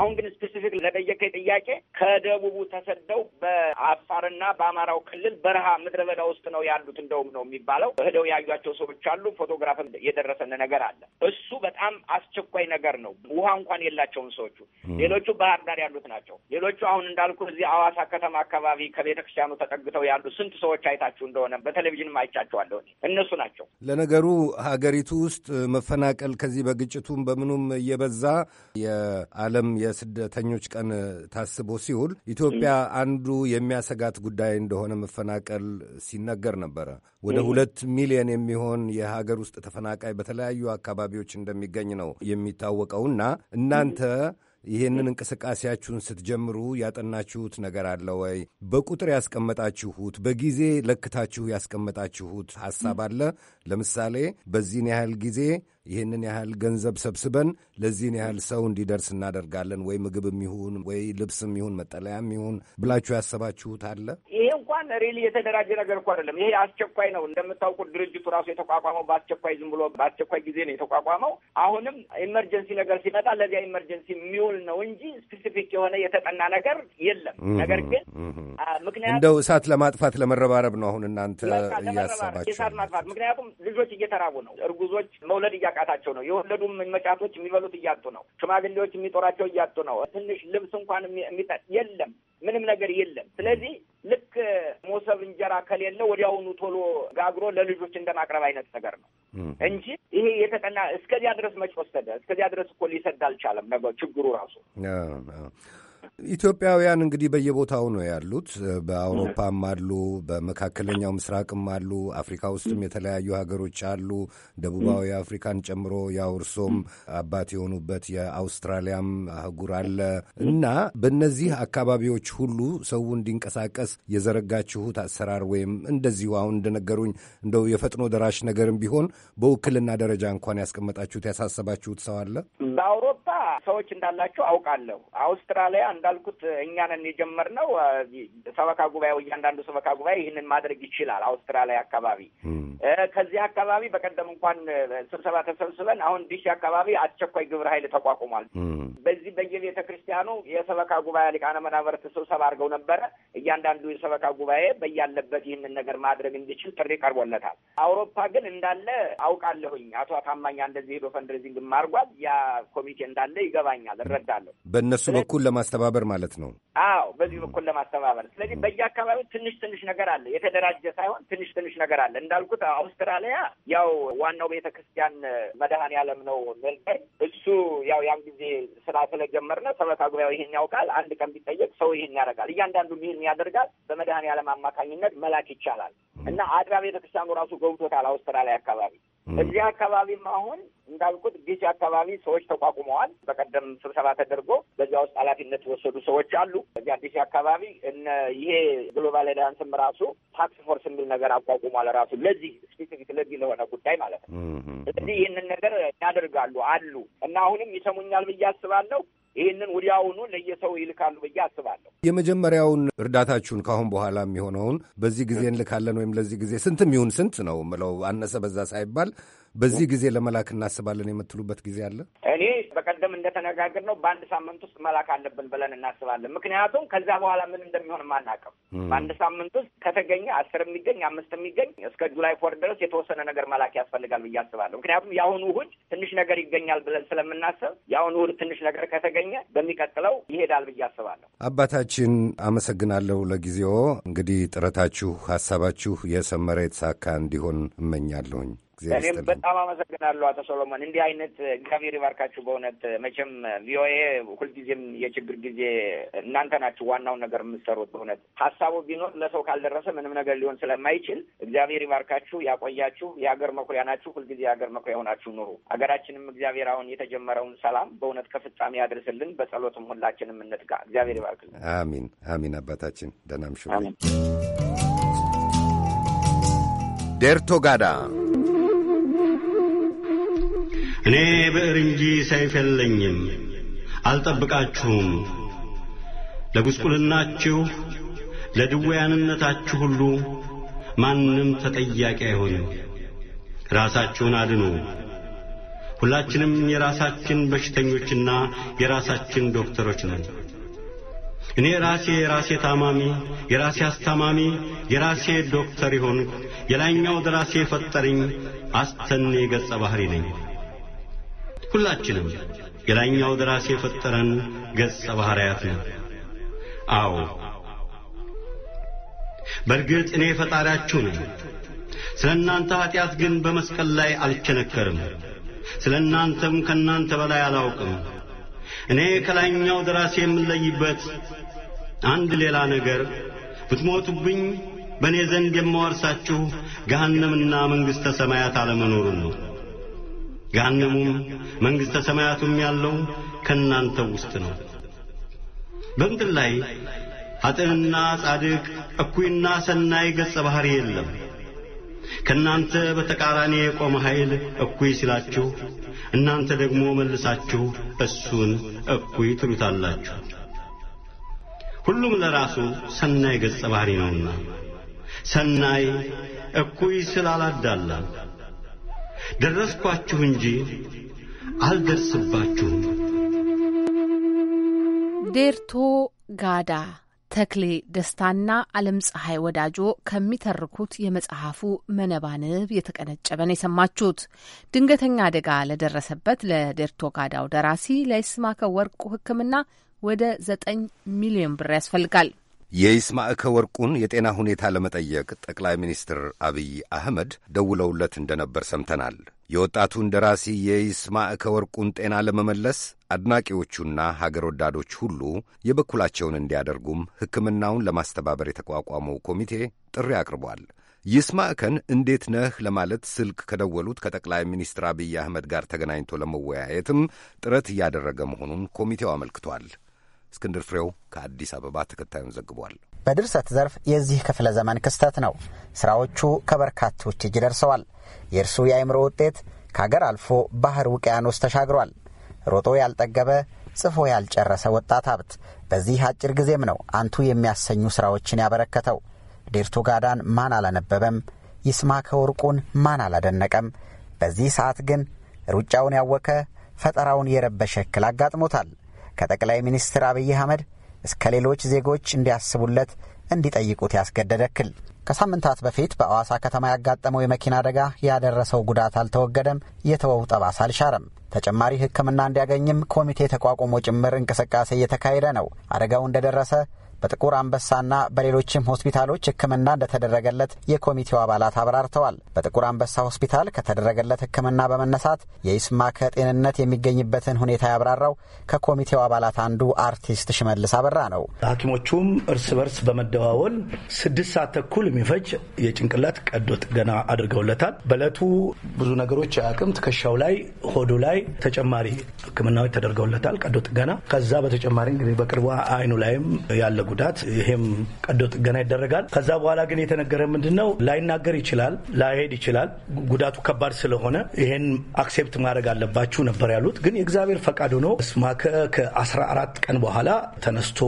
አሁን ግን ስፔሲፊክ ለጠየቀኝ ጥያቄ ከደቡቡ ተሰደው በአፋርና በአማራው ክልል በረሃ ምድረ በዳ ውስጥ ነው ያሉት እንደውም ነው የሚባለው። ሄደው ያዩቸው ሰዎች አሉ። ፎቶግራፍ የደረሰን ነገር አለ። እሱ በጣም አስቸኳይ ነገር ነው። ውሃ እንኳን የላቸውም ሰዎቹ። ሌሎቹ ባህር ዳር ያሉት ናቸው። ሌሎቹ አሁን እንዳልኩ እዚህ አዋሳ ከተማ አካባቢ ከቤተክርስቲያኑ ተጠግተው ያሉ ስንት ሰዎች አይታችሁ እንደሆነ በቴሌቪዥንም አይቻቸዋለሁ። እነሱ ናቸው። ለነገሩ ሀገሪቱ ውስጥ መፈናቀል ከዚህ በግጭቱም በምኑም እየበዛ የዓለም የስደተኞች ቀን ታስቦ ሲውል ኢትዮጵያ አንዱ የሚያሰጋት ጉዳይ እንደሆነ መፈናቀል ሲነገር ነበረ። ወደ ሁለት ሚሊዮን የሚሆን የሀገር ውስጥ ተፈናቃይ በተለያዩ አካባቢዎች እንደሚገኝ ነው የሚታወቀውና እናንተ ይህንን እንቅስቃሴያችሁን ስትጀምሩ ያጠናችሁት ነገር አለ ወይ? በቁጥር ያስቀመጣችሁት፣ በጊዜ ለክታችሁ ያስቀመጣችሁት ሀሳብ አለ? ለምሳሌ በዚህን ያህል ጊዜ ይህንን ያህል ገንዘብ ሰብስበን ለዚህን ያህል ሰው እንዲደርስ እናደርጋለን ወይ ምግብም ይሁን ወይ ልብስም ይሁን መጠለያም ይሁን ብላችሁ ያሰባችሁት አለ? ይሄ እንኳን ሪሊ የተደራጀ ነገር እኮ አይደለም። ይሄ አስቸኳይ ነው። እንደምታውቁት ድርጅቱ ራሱ የተቋቋመው በአስቸኳይ ዝም ብሎ በአስቸኳይ ጊዜ ነው የተቋቋመው። አሁንም ኢመርጀንሲ ነገር ሲመጣ ለዚያ ኢመርጀንሲ የሚውል ነው እንጂ ስፔሲፊክ የሆነ የተጠና ነገር የለም። ነገር ግን ምክንያቱ እንደው እሳት ለማጥፋት ለመረባረብ ነው አሁን እናንተ እያሰባችሁ እሳት ማጥፋት። ምክንያቱም ልጆች እየተራቡ ነው፣ እርጉዞች መውለድ እያ እያቃታቸው ነው። የወለዱም መጫቶች የሚበሉት እያጡ ነው። ሽማግሌዎች የሚጦራቸው እያጡ ነው። ትንሽ ልብስ እንኳን የለም፣ ምንም ነገር የለም። ስለዚህ ልክ ሞሰብ እንጀራ ከሌለ ወዲያውኑ ቶሎ ጋግሮ ለልጆች እንደማቅረብ አይነት ነገር ነው እንጂ ይሄ የተጠና እስከዚያ ድረስ መች ወሰደ? እስከዚያ ድረስ እኮ ሊሰድ አልቻለም። ነገ ችግሩ ራሱ ኢትዮጵያውያን እንግዲህ በየቦታው ነው ያሉት። በአውሮፓም አሉ፣ በመካከለኛው ምስራቅም አሉ፣ አፍሪካ ውስጥም የተለያዩ ሀገሮች አሉ። ደቡባዊ አፍሪካን ጨምሮ ያው እርሶም አባት የሆኑበት የአውስትራሊያም አህጉር አለ እና በእነዚህ አካባቢዎች ሁሉ ሰው እንዲንቀሳቀስ የዘረጋችሁት አሰራር ወይም እንደዚሁ አሁን እንደነገሩኝ እንደው የፈጥኖ ደራሽ ነገርም ቢሆን በውክልና ደረጃ እንኳን ያስቀመጣችሁት ያሳሰባችሁት ሰው አለ? በአውሮፓ ሰዎች እንዳላቸው አውቃለሁ። አውስትራሊያ እንዳልኩት እኛንን የጀመርነው ሰበካ ጉባኤው እያንዳንዱ ሰበካ ጉባኤ ይህንን ማድረግ ይችላል። አውስትራሊያ አካባቢ ከዚህ አካባቢ በቀደም እንኳን ስብሰባ ተሰብስበን አሁን ዲሽ አካባቢ አስቸኳይ ግብረ ኃይል ተቋቁሟል። በዚህ በየቤተ ክርስቲያኑ የሰበካ ጉባኤ ሊቃነ መናብርት ስብሰባ አድርገው ነበረ። እያንዳንዱ የሰበካ ጉባኤ በያለበት ይህንን ነገር ማድረግ እንዲችል ጥሪ ቀርቦለታል። አውሮፓ ግን እንዳለ አውቃለሁኝ። አቶ አታማኛ እንደዚህ ሄዶ ፈንድሬዚንግ ማርጓል ያ ኮሚቴ እንዳለ ይገባኛል፣ እረዳለሁ። በእነሱ በኩል ለማስተባ ለማስተባበር ማለት ነው። አዎ በዚህ በኩል ለማስተባበር። ስለዚህ በየአካባቢው ትንሽ ትንሽ ነገር አለ፣ የተደራጀ ሳይሆን ትንሽ ትንሽ ነገር አለ። እንዳልኩት አውስትራሊያ ያው ዋናው ቤተ ክርስቲያን መድኃኔ ዓለም ነው ሜልበርን። እሱ ያው ያን ጊዜ ስራ ስለጀመርነ ሰበካ ጉባኤው ይህን ያውቃል። አንድ ቀን ቢጠየቅ ሰው ይህን ያደርጋል፣ እያንዳንዱ ይህን ያደርጋል። በመድኃኔ ዓለም አማካኝነት መላክ ይቻላል እና አድራ ቤተ ክርስቲያኑ ራሱ ገብቶታል አውስትራሊያ አካባቢ እዚህ አካባቢም አሁን እንዳልኩት ቢሲ አካባቢ ሰዎች ተቋቁመዋል። በቀደም ስብሰባ ተደርጎ በዚያ ውስጥ ኃላፊነት የወሰዱ ሰዎች አሉ። በዚያ አዲስ አካባቢ እነ ይሄ ግሎባል ኤዳንስም ራሱ ታክስ ፎርስ የሚል ነገር አቋቁሟል። ራሱ ለዚህ ስፔሲፊክ ለዚህ ለሆነ ጉዳይ ማለት ነው። ስለዚህ ይህንን ነገር ያደርጋሉ አሉ እና አሁንም ይሰሙኛል ብዬ አስባለሁ። ይህንን ወዲያውኑ ለየሰው ይልካሉ ብዬ አስባለሁ። የመጀመሪያውን እርዳታችሁን ከአሁን በኋላ የሚሆነውን በዚህ ጊዜ እንልካለን ወይም ለዚህ ጊዜ ስንት የሚሆን ስንት ነው ምለው አነሰ በዛ ሳይባል በዚህ ጊዜ ለመላክ እናስባለን የምትሉበት ጊዜ አለ? እኔ በቀደም እንደተነጋገር ነው በአንድ ሳምንት ውስጥ መላክ አለብን ብለን እናስባለን። ምክንያቱም ከዛ በኋላ ምን እንደሚሆን አናውቅም። በአንድ ሳምንት ውስጥ ከተገኘ አስር የሚገኝ አምስት የሚገኝ እስከ ጁላይ ፎር ድረስ የተወሰነ ነገር መላክ ያስፈልጋል ብዬ አስባለሁ። ምክንያቱም የአሁኑ እሑድ ትንሽ ነገር ይገኛል ብለን ስለምናስብ የአሁኑ ውድ ትንሽ ነገር ከተገኘ በሚቀጥለው ይሄዳል ብዬ አስባለሁ። አባታችን አመሰግናለሁ። ለጊዜው እንግዲህ ጥረታችሁ፣ ሀሳባችሁ የሰመረ የተሳካ እንዲሆን እመኛለሁኝ። እኔም በጣም አመሰግናለሁ አቶ ሶሎሞን፣ እንዲህ አይነት እግዚአብሔር ይባርካችሁ። በእውነት መቼም ቪኦኤ ሁልጊዜም የችግር ጊዜ እናንተ ናችሁ ዋናውን ነገር የምትሰሩት። በእውነት ሀሳቡ ቢኖር ለሰው ካልደረሰ ምንም ነገር ሊሆን ስለማይችል እግዚአብሔር ይባርካችሁ፣ ያቆያችሁ። የሀገር መኩሪያ ናችሁ። ሁልጊዜ የሀገር መኩሪያ ሆናችሁ ኑሩ። ሀገራችንም እግዚአብሔር አሁን የተጀመረውን ሰላም በእውነት ከፍጻሜ ያድርስልን። በጸሎትም ሁላችንም እንትጋ። እግዚአብሔር ይባርክልን። አሚን አሚን። አባታችን ደህና ምሽት። እኔ ብዕር እንጂ ሰይፍ የለኝም፣ አልጠብቃችሁም። ለጉስቁልናችሁ ለድወያንነታችሁ ሁሉ ማንም ተጠያቂ አይሆንም። ራሳችሁን አድኑ። ሁላችንም የራሳችን በሽተኞችና የራሳችን ዶክተሮች ነን። እኔ ራሴ የራሴ ታማሚ፣ የራሴ አስታማሚ፣ የራሴ ዶክተር ይሆን የላይኛው ደራሴ የፈጠረኝ አስተኔ ገጸ ባህሪ ነኝ። ሁላችንም የላይኛው ደራሲ የፈጠረን ገጸ ባህሪያት ነው። አዎ በእርግጥ እኔ ፈጣሪያችሁ ነኝ። ስለ እናንተ ኀጢአት ግን በመስቀል ላይ አልቸነከርም። ስለ እናንተም ከእናንተ በላይ አላውቅም። እኔ ከላይኛው ደራሴ የምለይበት አንድ ሌላ ነገር ብትሞቱብኝ በእኔ ዘንድ የማወርሳችሁ ገሃነምና መንግሥተ ሰማያት አለመኖሩን ነው። ጋንሙም መንግሥተ ሰማያቱም ያለው ከእናንተ ውስጥ ነው። በምድር ላይ አጥንና ጻድቅ፣ እኩይና ሰናይ ገጸ ባሕሪ የለም። ከእናንተ በተቃራኒ የቆመ ኃይል እኩይ ሲላችሁ፣ እናንተ ደግሞ መልሳችሁ እሱን እኩይ ትሉታላችሁ። ሁሉም ለራሱ ሰናይ ገጸ ባሕሪ ነውና ሰናይ እኩይ ስላላዳላ ደረስኳችሁ እንጂ አልደርስባችሁም። ዴርቶ ጋዳ ተክሌ ደስታና አለም ፀሐይ ወዳጆ ከሚተርኩት የመጽሐፉ መነባንብ የተቀነጨበ ነው የሰማችሁት። ድንገተኛ አደጋ ለደረሰበት ለዴርቶ ጋዳው ደራሲ ለይስማከ ወርቁ ሕክምና ወደ ዘጠኝ ሚሊዮን ብር ያስፈልጋል። የይስማዕከ ወርቁን የጤና ሁኔታ ለመጠየቅ ጠቅላይ ሚኒስትር አብይ አህመድ ደውለውለት እንደነበር ሰምተናል። የወጣቱ እንደራሲ የይስማዕከ ወርቁን ጤና ለመመለስ አድናቂዎቹና ሀገር ወዳዶች ሁሉ የበኩላቸውን እንዲያደርጉም ሕክምናውን ለማስተባበር የተቋቋመው ኮሚቴ ጥሪ አቅርቧል። ይስማዕከን እንዴት ነህ ለማለት ስልክ ከደወሉት ከጠቅላይ ሚኒስትር አብይ አህመድ ጋር ተገናኝቶ ለመወያየትም ጥረት እያደረገ መሆኑን ኮሚቴው አመልክቷል። እስክንድር ፍሬው ከአዲስ አበባ ተከታዩን ዘግቧል። በድርሰት ዘርፍ የዚህ ክፍለ ዘመን ክስተት ነው። ስራዎቹ ከበርካቶች እጅ ደርሰዋል። የእርሱ የአእምሮ ውጤት ከአገር አልፎ ባህር ውቅያኖስ ተሻግሯል። ሮጦ ያልጠገበ ጽፎ ያልጨረሰ ወጣት ሀብት በዚህ አጭር ጊዜም ነው አንቱ የሚያሰኙ ስራዎችን ያበረከተው። ዴርቶ ጋዳን ማን አላነበበም? ይስማከ ወርቁን ማን አላደነቀም? በዚህ ሰዓት ግን ሩጫውን ያወከ ፈጠራውን የረበሸ እክል አጋጥሞታል። ከጠቅላይ ሚኒስትር አብይ አህመድ እስከ ሌሎች ዜጎች እንዲያስቡለት እንዲጠይቁት ያስገደደ ከሳምንታት በፊት በአዋሳ ከተማ ያጋጠመው የመኪና አደጋ ያደረሰው ጉዳት አልተወገደም፣ የተወው ጠባሳ አልሻረም። ተጨማሪ ሕክምና እንዲያገኝም ኮሚቴ ተቋቁሞ ጭምር እንቅስቃሴ እየተካሄደ ነው። አደጋው እንደደረሰ በጥቁር አንበሳና በሌሎችም ሆስፒታሎች ሕክምና እንደተደረገለት የኮሚቴው አባላት አብራርተዋል። በጥቁር አንበሳ ሆስፒታል ከተደረገለት ሕክምና በመነሳት የይስማከ ጤንነት የሚገኝበትን ሁኔታ ያብራራው ከኮሚቴው አባላት አንዱ አርቲስት ሽመልስ አበራ ነው። ሐኪሞቹም እርስ በርስ በመደዋወል ስድስት ሰዓት ተኩል የሚፈጅ የጭንቅላት ቀዶ ጥገና አድርገውለታል። በእለቱ ብዙ ነገሮች አያውቅም። ትከሻው ላይ፣ ሆዱ ላይ ተጨማሪ ሕክምናዎች ተደርገውለታል ቀዶ ጥገና። ከዛ በተጨማሪ እንግዲህ በቅርቡ አይኑ ላይም ያለጉ ጉዳት ይሄም ቀዶ ጥገና ይደረጋል። ከዛ በኋላ ግን የተነገረ ምንድን ነው ላይናገር ይችላል፣ ላይሄድ ይችላል። ጉዳቱ ከባድ ስለሆነ ይሄን አክሴፕት ማድረግ አለባችሁ ነበር ያሉት። ግን የእግዚአብሔር ፈቃድ ሆኖ ስማከ ከ14 ቀን በኋላ ተነስቶ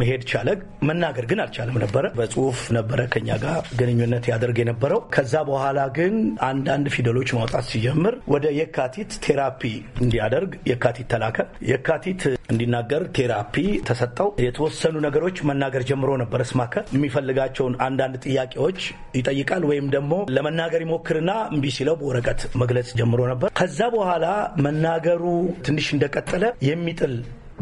መሄድ ቻለ። መናገር ግን አልቻለም ነበረ። በጽሁፍ ነበረ ከኛ ጋር ግንኙነት ያደርግ የነበረው። ከዛ በኋላ ግን አንዳንድ ፊደሎች ማውጣት ሲጀምር ወደ የካቲት ቴራፒ እንዲያደርግ የካቲት ተላከ። የካቲት እንዲናገር ቴራፒ ተሰጠው። የተወሰኑ ነገሮች ነገሮች መናገር ጀምሮ ነበር። እስማከ የሚፈልጋቸውን አንዳንድ ጥያቄዎች ይጠይቃል ወይም ደግሞ ለመናገር ይሞክርና እምቢ ሲለው በወረቀት መግለጽ ጀምሮ ነበር። ከዛ በኋላ መናገሩ ትንሽ እንደቀጠለ የሚጥል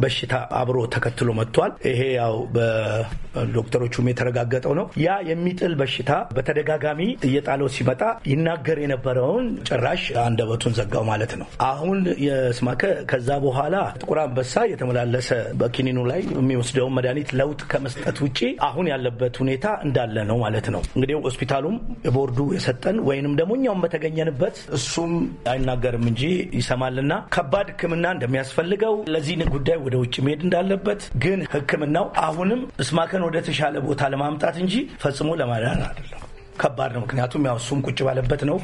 በሽታ አብሮ ተከትሎ መጥቷል። ይሄ ያው በዶክተሮቹም የተረጋገጠው ነው። ያ የሚጥል በሽታ በተደጋጋሚ እየጣለው ሲመጣ ይናገር የነበረውን ጭራሽ አንደበቱን ዘጋው ማለት ነው። አሁን የስማከ ከዛ በኋላ ጥቁር አንበሳ የተመላለሰ በኪኒኑ ላይ የሚወስደውን መድኃኒት ለውጥ ከመስጠት ውጭ አሁን ያለበት ሁኔታ እንዳለ ነው ማለት ነው። እንግዲህ ሆስፒታሉም ቦርዱ የሰጠን ወይንም ደግሞ እኛውም በተገኘንበት እሱም አይናገርም እንጂ ይሰማልና ከባድ ሕክምና እንደሚያስፈልገው ለዚህ ጉዳይ ወደ ውጭ መሄድ እንዳለበት፣ ግን ሕክምናው አሁንም እስማከን ወደ ተሻለ ቦታ ለማምጣት እንጂ ፈጽሞ ለማዳን አይደለም። ከባድ ነው። ምክንያቱም ያው እሱም ቁጭ ባለበት ነው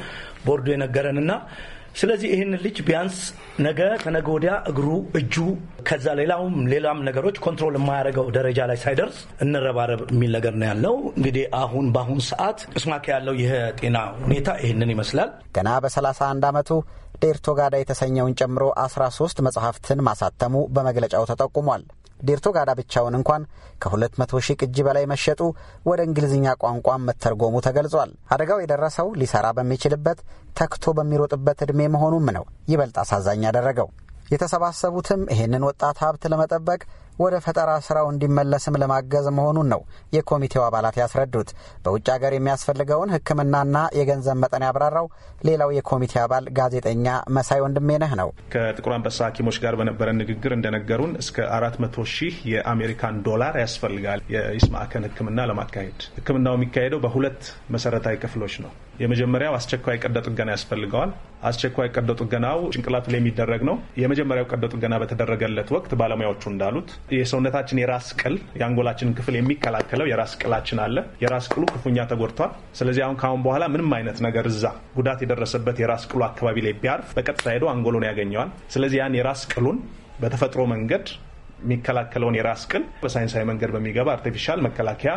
ቦርዱ የነገረንና ስለዚህ ይህንን ልጅ ቢያንስ ነገ ከነገ ወዲያ እግሩ፣ እጁ ከዛ ሌላውም ሌላም ነገሮች ኮንትሮል የማያደርገው ደረጃ ላይ ሳይደርስ እንረባረብ የሚል ነገር ነው ያለው። እንግዲህ አሁን በአሁን ሰዓት እስማክ ያለው ይህ ጤና ሁኔታ ይህንን ይመስላል። ገና በ31 ዓመቱ ዴርቶጋዳ የተሰኘውን ጨምሮ 13 መጽሐፍትን ማሳተሙ በመግለጫው ተጠቁሟል። ዴርቶ ጋዳ ብቻውን እንኳን ከ200 ሺህ ቅጂ በላይ መሸጡ ወደ እንግሊዝኛ ቋንቋ መተርጎሙ ተገልጿል። አደጋው የደረሰው ሊሰራ በሚችልበት ተክቶ በሚሮጥበት ዕድሜ መሆኑም ነው ይበልጥ አሳዛኝ ያደረገው። የተሰባሰቡትም ይህንን ወጣት ሀብት ለመጠበቅ ወደ ፈጠራ ስራው እንዲመለስም ለማገዝ መሆኑን ነው የኮሚቴው አባላት ያስረዱት። በውጭ ሀገር የሚያስፈልገውን ሕክምናና የገንዘብ መጠን ያብራራው ሌላው የኮሚቴ አባል ጋዜጠኛ መሳይ ወንድሜነህ ነው። ከጥቁር አንበሳ ሐኪሞች ጋር በነበረ ንግግር እንደነገሩን እስከ አራት መቶ ሺህ የአሜሪካን ዶላር ያስፈልጋል የይስማዕከን ሕክምና ለማካሄድ። ሕክምናው የሚካሄደው በሁለት መሰረታዊ ክፍሎች ነው። የመጀመሪያው አስቸኳይ ቀዶ ጥገና ያስፈልገዋል። አስቸኳይ ቀዶ ጥገናው ጭንቅላቱ ላይ የሚደረግ ነው። የመጀመሪያው ቀዶ ጥገና በተደረገለት ወቅት ባለሙያዎቹ እንዳሉት የሰውነታችን የራስ ቅል የአንጎላችንን ክፍል የሚከላከለው የራስ ቅላችን አለ። የራስ ቅሉ ክፉኛ ተጎድቷል። ስለዚህ አሁን ከአሁን በኋላ ምንም አይነት ነገር እዛ ጉዳት የደረሰበት የራስ ቅሉ አካባቢ ላይ ቢያርፍ በቀጥታ ሄዶ አንጎሎን ያገኘዋል። ስለዚህ ያን የራስ ቅሉን በተፈጥሮ መንገድ የሚከላከለውን የራስ ቅል በሳይንሳዊ መንገድ በሚገባ አርቲፊሻል መከላከያ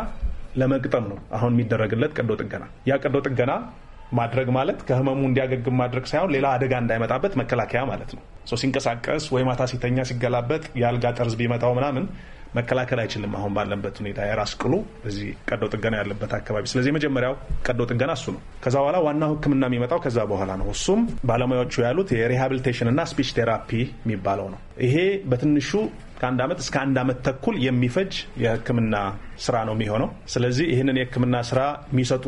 ለመግጠም ነው አሁን የሚደረግለት ቀዶ ጥገና። ያ ቀዶ ጥገና ማድረግ ማለት ከህመሙ እንዲያገግም ማድረግ ሳይሆን ሌላ አደጋ እንዳይመጣበት መከላከያ ማለት ነው። ሲንቀሳቀስ ወይ ማታ ሲተኛ ሲገላበጥ የአልጋ ጠርዝ ቢመጣው ምናምን መከላከል አይችልም። አሁን ባለንበት ሁኔታ የራስ ቅሉ እዚህ ቀዶ ጥገና ያለበት አካባቢ። ስለዚህ የመጀመሪያው ቀዶ ጥገና እሱ ነው። ከዛ በኋላ ዋናው ሕክምና የሚመጣው ከዛ በኋላ ነው። እሱም ባለሙያዎቹ ያሉት የሪሃቢሊቴሽን እና ስፒች ቴራፒ የሚባለው ነው። ይሄ በትንሹ ከአንድ ዓመት እስከ አንድ ዓመት ተኩል የሚፈጅ የሕክምና ስራ ነው የሚሆነው። ስለዚህ ይህንን የሕክምና ስራ የሚሰጡ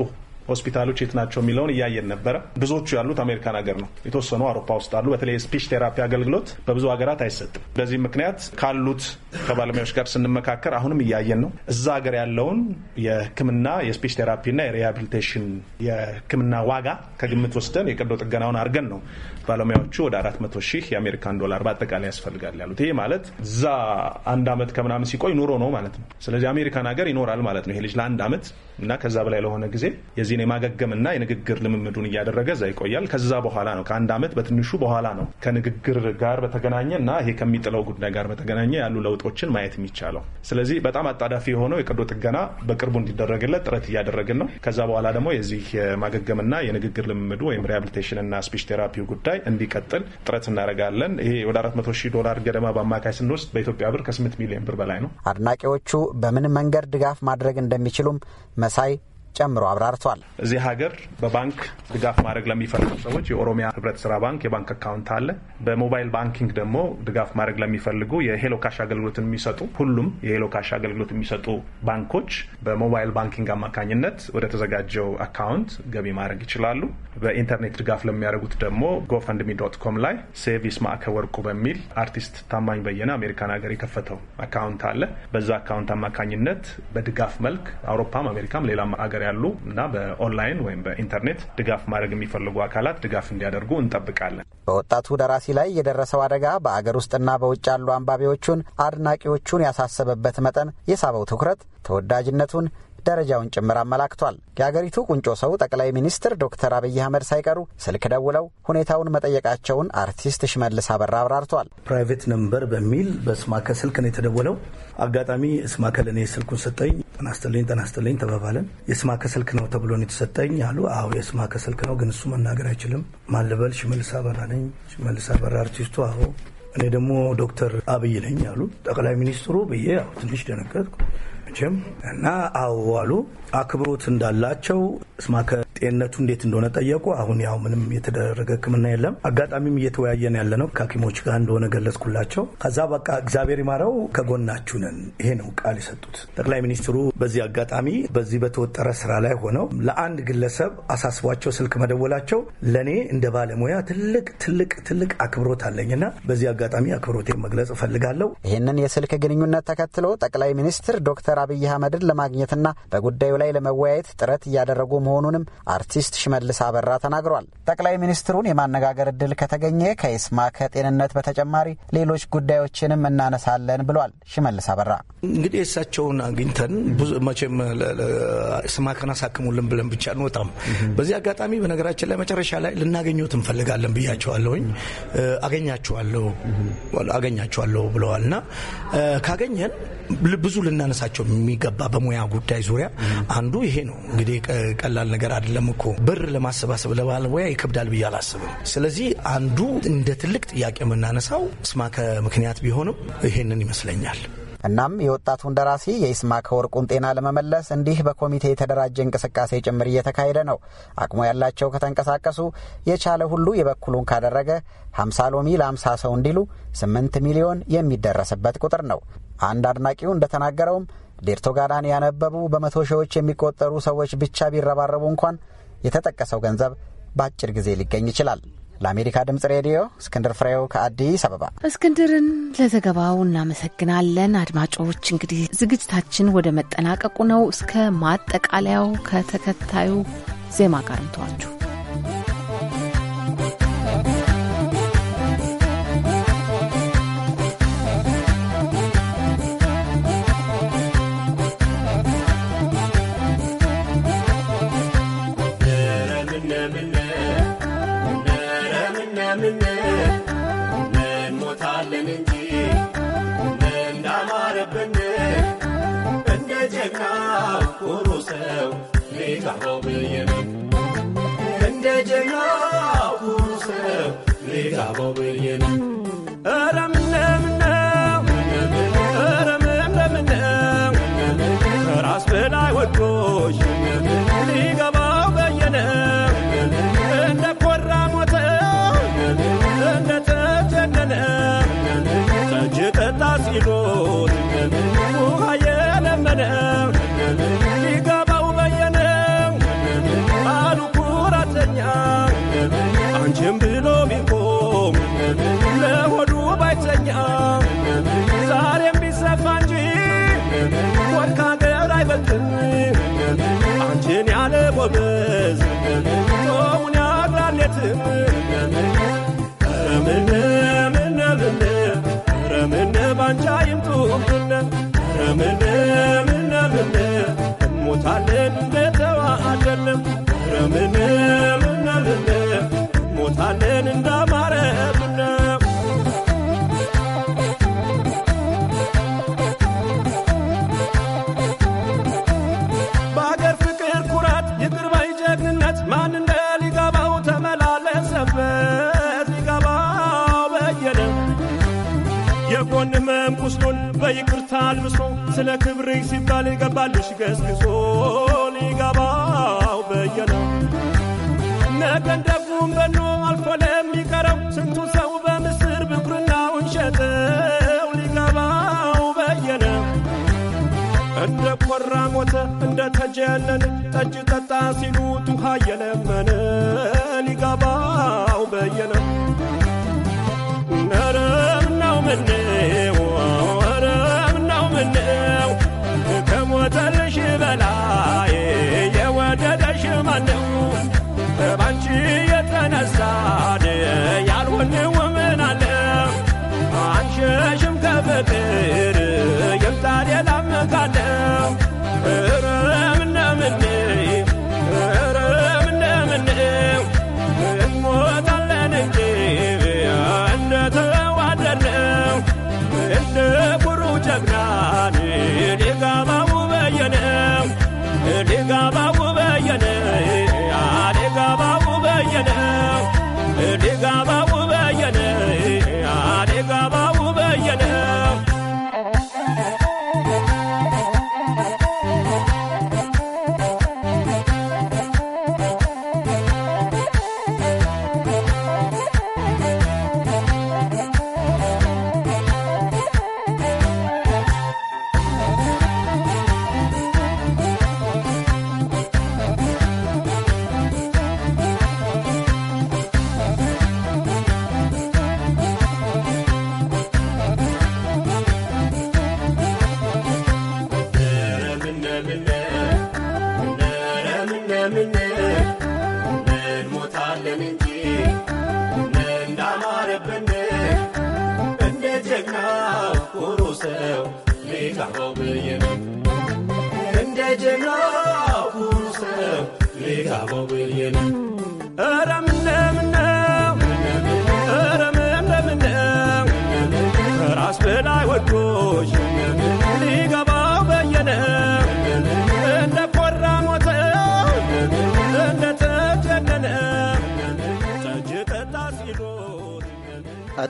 ሆስፒታሎች የት ናቸው የሚለውን እያየን ነበረ። ብዙዎቹ ያሉት አሜሪካን ሀገር ነው። የተወሰኑ አውሮፓ ውስጥ አሉ። በተለይ የስፒች ቴራፒ አገልግሎት በብዙ ሀገራት አይሰጥም። በዚህ ምክንያት ካሉት ከባለሙያዎች ጋር ስንመካከር አሁንም እያየን ነው። እዛ ሀገር ያለውን የሕክምና የስፒች ቴራፒና የሪሃቢሊቴሽን የሕክምና ዋጋ ከግምት ወስደን የቀዶ ጥገናውን አድርገን ነው ባለሙያዎቹ ወደ አራት መቶ ሺህ የአሜሪካን ዶላር በአጠቃላይ ያስፈልጋል ያሉት። ይሄ ማለት እዛ አንድ አመት ከምናምን ሲቆይ ኑሮ ነው ማለት ነው። ስለዚህ አሜሪካን ሀገር ይኖራል ማለት ነው ይሄ ልጅ ለአንድ አመት እና ከዛ በላይ ለሆነ ጊዜ የዚህን የማገገምና የንግግር ልምምዱን እያደረገ እዛ ይቆያል። ከዛ በኋላ ነው ከአንድ ዓመት በትንሹ በኋላ ነው ከንግግር ጋር በተገናኘ እና ይሄ ከሚጥለው ጉዳይ ጋር በተገናኘ ያሉ ለውጦችን ማየት የሚቻለው። ስለዚህ በጣም አጣዳፊ የሆነው የቀዶ ጥገና በቅርቡ እንዲደረግለት ጥረት እያደረግን ነው። ከዛ በኋላ ደግሞ የዚህ የማገገምና የንግግር ልምምዱ ወይም ሪሃቢሊቴሽንና ስፒች ቴራፒው ጉዳይ እንዲቀጥል ጥረት እናደርጋለን። ይሄ ወደ 400 ሺህ ዶላር ገደማ በአማካይ ስንወስድ በኢትዮጵያ ብር ከ8 ሚሊዮን ብር በላይ ነው። አድናቂዎቹ በምን መንገድ ድጋፍ ማድረግ እንደሚችሉም Masai ጨምሮ አብራርቷል። እዚህ ሀገር በባንክ ድጋፍ ማድረግ ለሚፈልጉ ሰዎች የኦሮሚያ ህብረት ስራ ባንክ የባንክ አካውንት አለ። በሞባይል ባንኪንግ ደግሞ ድጋፍ ማድረግ ለሚፈልጉ የሄሎ ካሽ አገልግሎት የሚሰጡ ሁሉም የሄሎ ካሽ አገልግሎት የሚሰጡ ባንኮች በሞባይል ባንኪንግ አማካኝነት ወደ ተዘጋጀው አካውንት ገቢ ማድረግ ይችላሉ። በኢንተርኔት ድጋፍ ለሚያደርጉት ደግሞ ጎፈንድሚ ዶት ኮም ላይ ሴቪስ ይስማዕከ ወርቁ በሚል አርቲስት ታማኝ በየነ አሜሪካን ሀገር የከፈተው አካውንት አለ። በዛ አካውንት አማካኝነት በድጋፍ መልክ አውሮፓም አሜሪካም ሌላም ሀገር ሀገር ያሉ እና በኦንላይን ወይም በኢንተርኔት ድጋፍ ማድረግ የሚፈልጉ አካላት ድጋፍ እንዲያደርጉ እንጠብቃለን። በወጣቱ ደራሲ ላይ የደረሰው አደጋ በአገር ውስጥና በውጭ ያሉ አንባቢዎቹን፣ አድናቂዎቹን ያሳሰበበት መጠን የሳበው ትኩረት ተወዳጅነቱን ደረጃውን ጭምር አመላክቷል። የአገሪቱ ቁንጮ ሰው ጠቅላይ ሚኒስትር ዶክተር አብይ አህመድ ሳይቀሩ ስልክ ደውለው ሁኔታውን መጠየቃቸውን አርቲስት ሽመልስ አበራ አብራርቷል። ፕራይቬት ነምበር በሚል በስማከ ስልክ ነው የተደወለው። አጋጣሚ ስማከ ለእኔ ስልኩን ሰጠኝ። ጠናስተልኝ ጠናስተልኝ ተባባለን። የስማከ ስልክ ነው ተብሎ ነው የተሰጠኝ አሉ። አዎ የስማከ ስልክ ነው፣ ግን እሱ መናገር አይችልም። ማልበል ሽመልስ አበራ ነኝ። ሽመልስ አበራ አርቲስቱ። አዎ እኔ ደግሞ ዶክተር አብይ ነኝ አሉ። ጠቅላይ ሚኒስትሩ ብዬ ትንሽ ደነገጥኩ። መቼም እና አዋሉ አክብሮት እንዳላቸው እስማከ ጤንነቱ እንዴት እንደሆነ ጠየቁ። አሁን ያው ምንም የተደረገ ሕክምና የለም። አጋጣሚም እየተወያየን ያለ ነው ከሐኪሞች ጋር እንደሆነ ገለጽኩላቸው። ከዛ በቃ እግዚአብሔር ይማረው ከጎናችሁ ነን፣ ይሄ ነው ቃል የሰጡት ጠቅላይ ሚኒስትሩ። በዚህ አጋጣሚ በዚህ በተወጠረ ስራ ላይ ሆነው ለአንድ ግለሰብ አሳስቧቸው ስልክ መደወላቸው ለእኔ እንደ ባለሙያ ትልቅ ትልቅ ትልቅ አክብሮት አለኝና በዚህ አጋጣሚ አክብሮቴን መግለጽ እፈልጋለሁ። ይህንን የስልክ ግንኙነት ተከትሎ ጠቅላይ ሚኒስትር ዶክተር አብይ አህመድን ለማግኘትና በጉዳዩ ላይ ለመወያየት ጥረት እያደረጉ መሆኑንም አርቲስት ሽመልስ አበራ ተናግሯል። ጠቅላይ ሚኒስትሩን የማነጋገር እድል ከተገኘ ከይስማ ከጤንነት በተጨማሪ ሌሎች ጉዳዮችንም እናነሳለን ብሏል። ሽመልስ አበራ እንግዲህ እሳቸውን አግኝተን መቼም ስማከን አሳክሙልን ብለን ብቻ አንወጣም። በዚህ አጋጣሚ በነገራችን ላይ መጨረሻ ላይ ልናገኘት እንፈልጋለን ብያቸዋለሁኝ። አገኛቸዋለሁ አገኛቸዋለሁ ብለዋልና ካገኘን ብዙ ልናነሳቸው የሚገባ በሙያ ጉዳይ ዙሪያ አንዱ ይሄ ነው። እንግዲህ ቀላል ነገር አይደለም እኮ ብር ለማሰባሰብ ለባለሙያ ይከብዳል ብዬ አላስብም። ስለዚህ አንዱ እንደ ትልቅ ጥያቄ የምናነሳው እስማከ ምክንያት ቢሆንም ይሄንን ይመስለኛል። እናም የወጣቱን ደራሲ የይስማከ ወርቁን ጤና ለመመለስ እንዲህ በኮሚቴ የተደራጀ እንቅስቃሴ ጭምር እየተካሄደ ነው። አቅሙ ያላቸው ከተንቀሳቀሱ፣ የቻለ ሁሉ የበኩሉን ካደረገ 50 ሎሚ ለ50 ሰው እንዲሉ 8 ሚሊዮን የሚደረስበት ቁጥር ነው። አንድ አድናቂው እንደተናገረውም ዴርቶ ጋዳን ያነበቡ በመቶ ሺዎች የሚቆጠሩ ሰዎች ብቻ ቢረባረቡ እንኳን የተጠቀሰው ገንዘብ በአጭር ጊዜ ሊገኝ ይችላል። ለአሜሪካ ድምጽ ሬዲዮ እስክንድር ፍሬው ከአዲስ አበባ። እስክንድርን ለዘገባው እናመሰግናለን። አድማጮች እንግዲህ ዝግጅታችን ወደ መጠናቀቁ ነው። እስከ ማጠቃለያው ከተከታዩ ዜማ ጋር ምተዋችሁ እንደ ጀግናው ኩሩ ሰብ ሌጋባው በየነ ያበልጥን አንቺን ያለ ጎበዝ ጾሙን ያድራሌት ረምነ ምነ ምነ ረምነ ባንቻ ይምጡምነ ረምነ ምነ ምነ እንሞታለን እንደተዋሃደለም ረምነ ምነ ምነ እንሞታለን እንደ ስለ ክብርሽ ሲባል ይገባልሽ ገስግሶ ሊገባው በየነ ነገን ደቡም በኖ አልፎ ለሚቀረው ስንቱ ሰው በምስር ብኩርናውን ሸጠው ሊገባው በየነ እንደ ቆራ ሞተ እንደ ተጀነን ጠጅ ጠጣ ሲሉ ውሃ የለመነ ሊገባው በየነ ነረምናው ምኔው ከመጠንሽ በላይ የወደደሽ ማነው? ባንቺ የተነሳን ያልሆንው ምን አለ? አንሸሽም ከፍቅር የምጣድ የላምካለው እረምነምኔ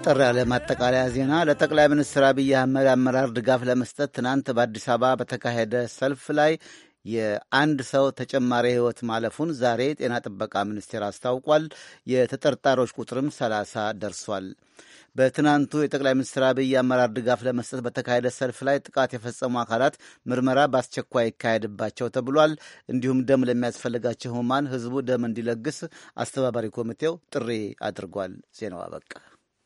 አጠር ያለ ማጠቃለያ ዜና ለጠቅላይ ሚኒስትር አብይ አህመድ አመራር ድጋፍ ለመስጠት ትናንት በአዲስ አበባ በተካሄደ ሰልፍ ላይ የአንድ ሰው ተጨማሪ ሕይወት ማለፉን ዛሬ ጤና ጥበቃ ሚኒስቴር አስታውቋል። የተጠርጣሪዎች ቁጥርም ሰላሳ ደርሷል። በትናንቱ የጠቅላይ ሚኒስትር አብይ አመራር ድጋፍ ለመስጠት በተካሄደ ሰልፍ ላይ ጥቃት የፈጸሙ አካላት ምርመራ በአስቸኳይ ይካሄድባቸው ተብሏል። እንዲሁም ደም ለሚያስፈልጋቸው ሕሙማን ሕዝቡ ደም እንዲለግስ አስተባባሪ ኮሚቴው ጥሪ አድርጓል። ዜናው አበቃ።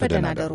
በደህና ደሩ።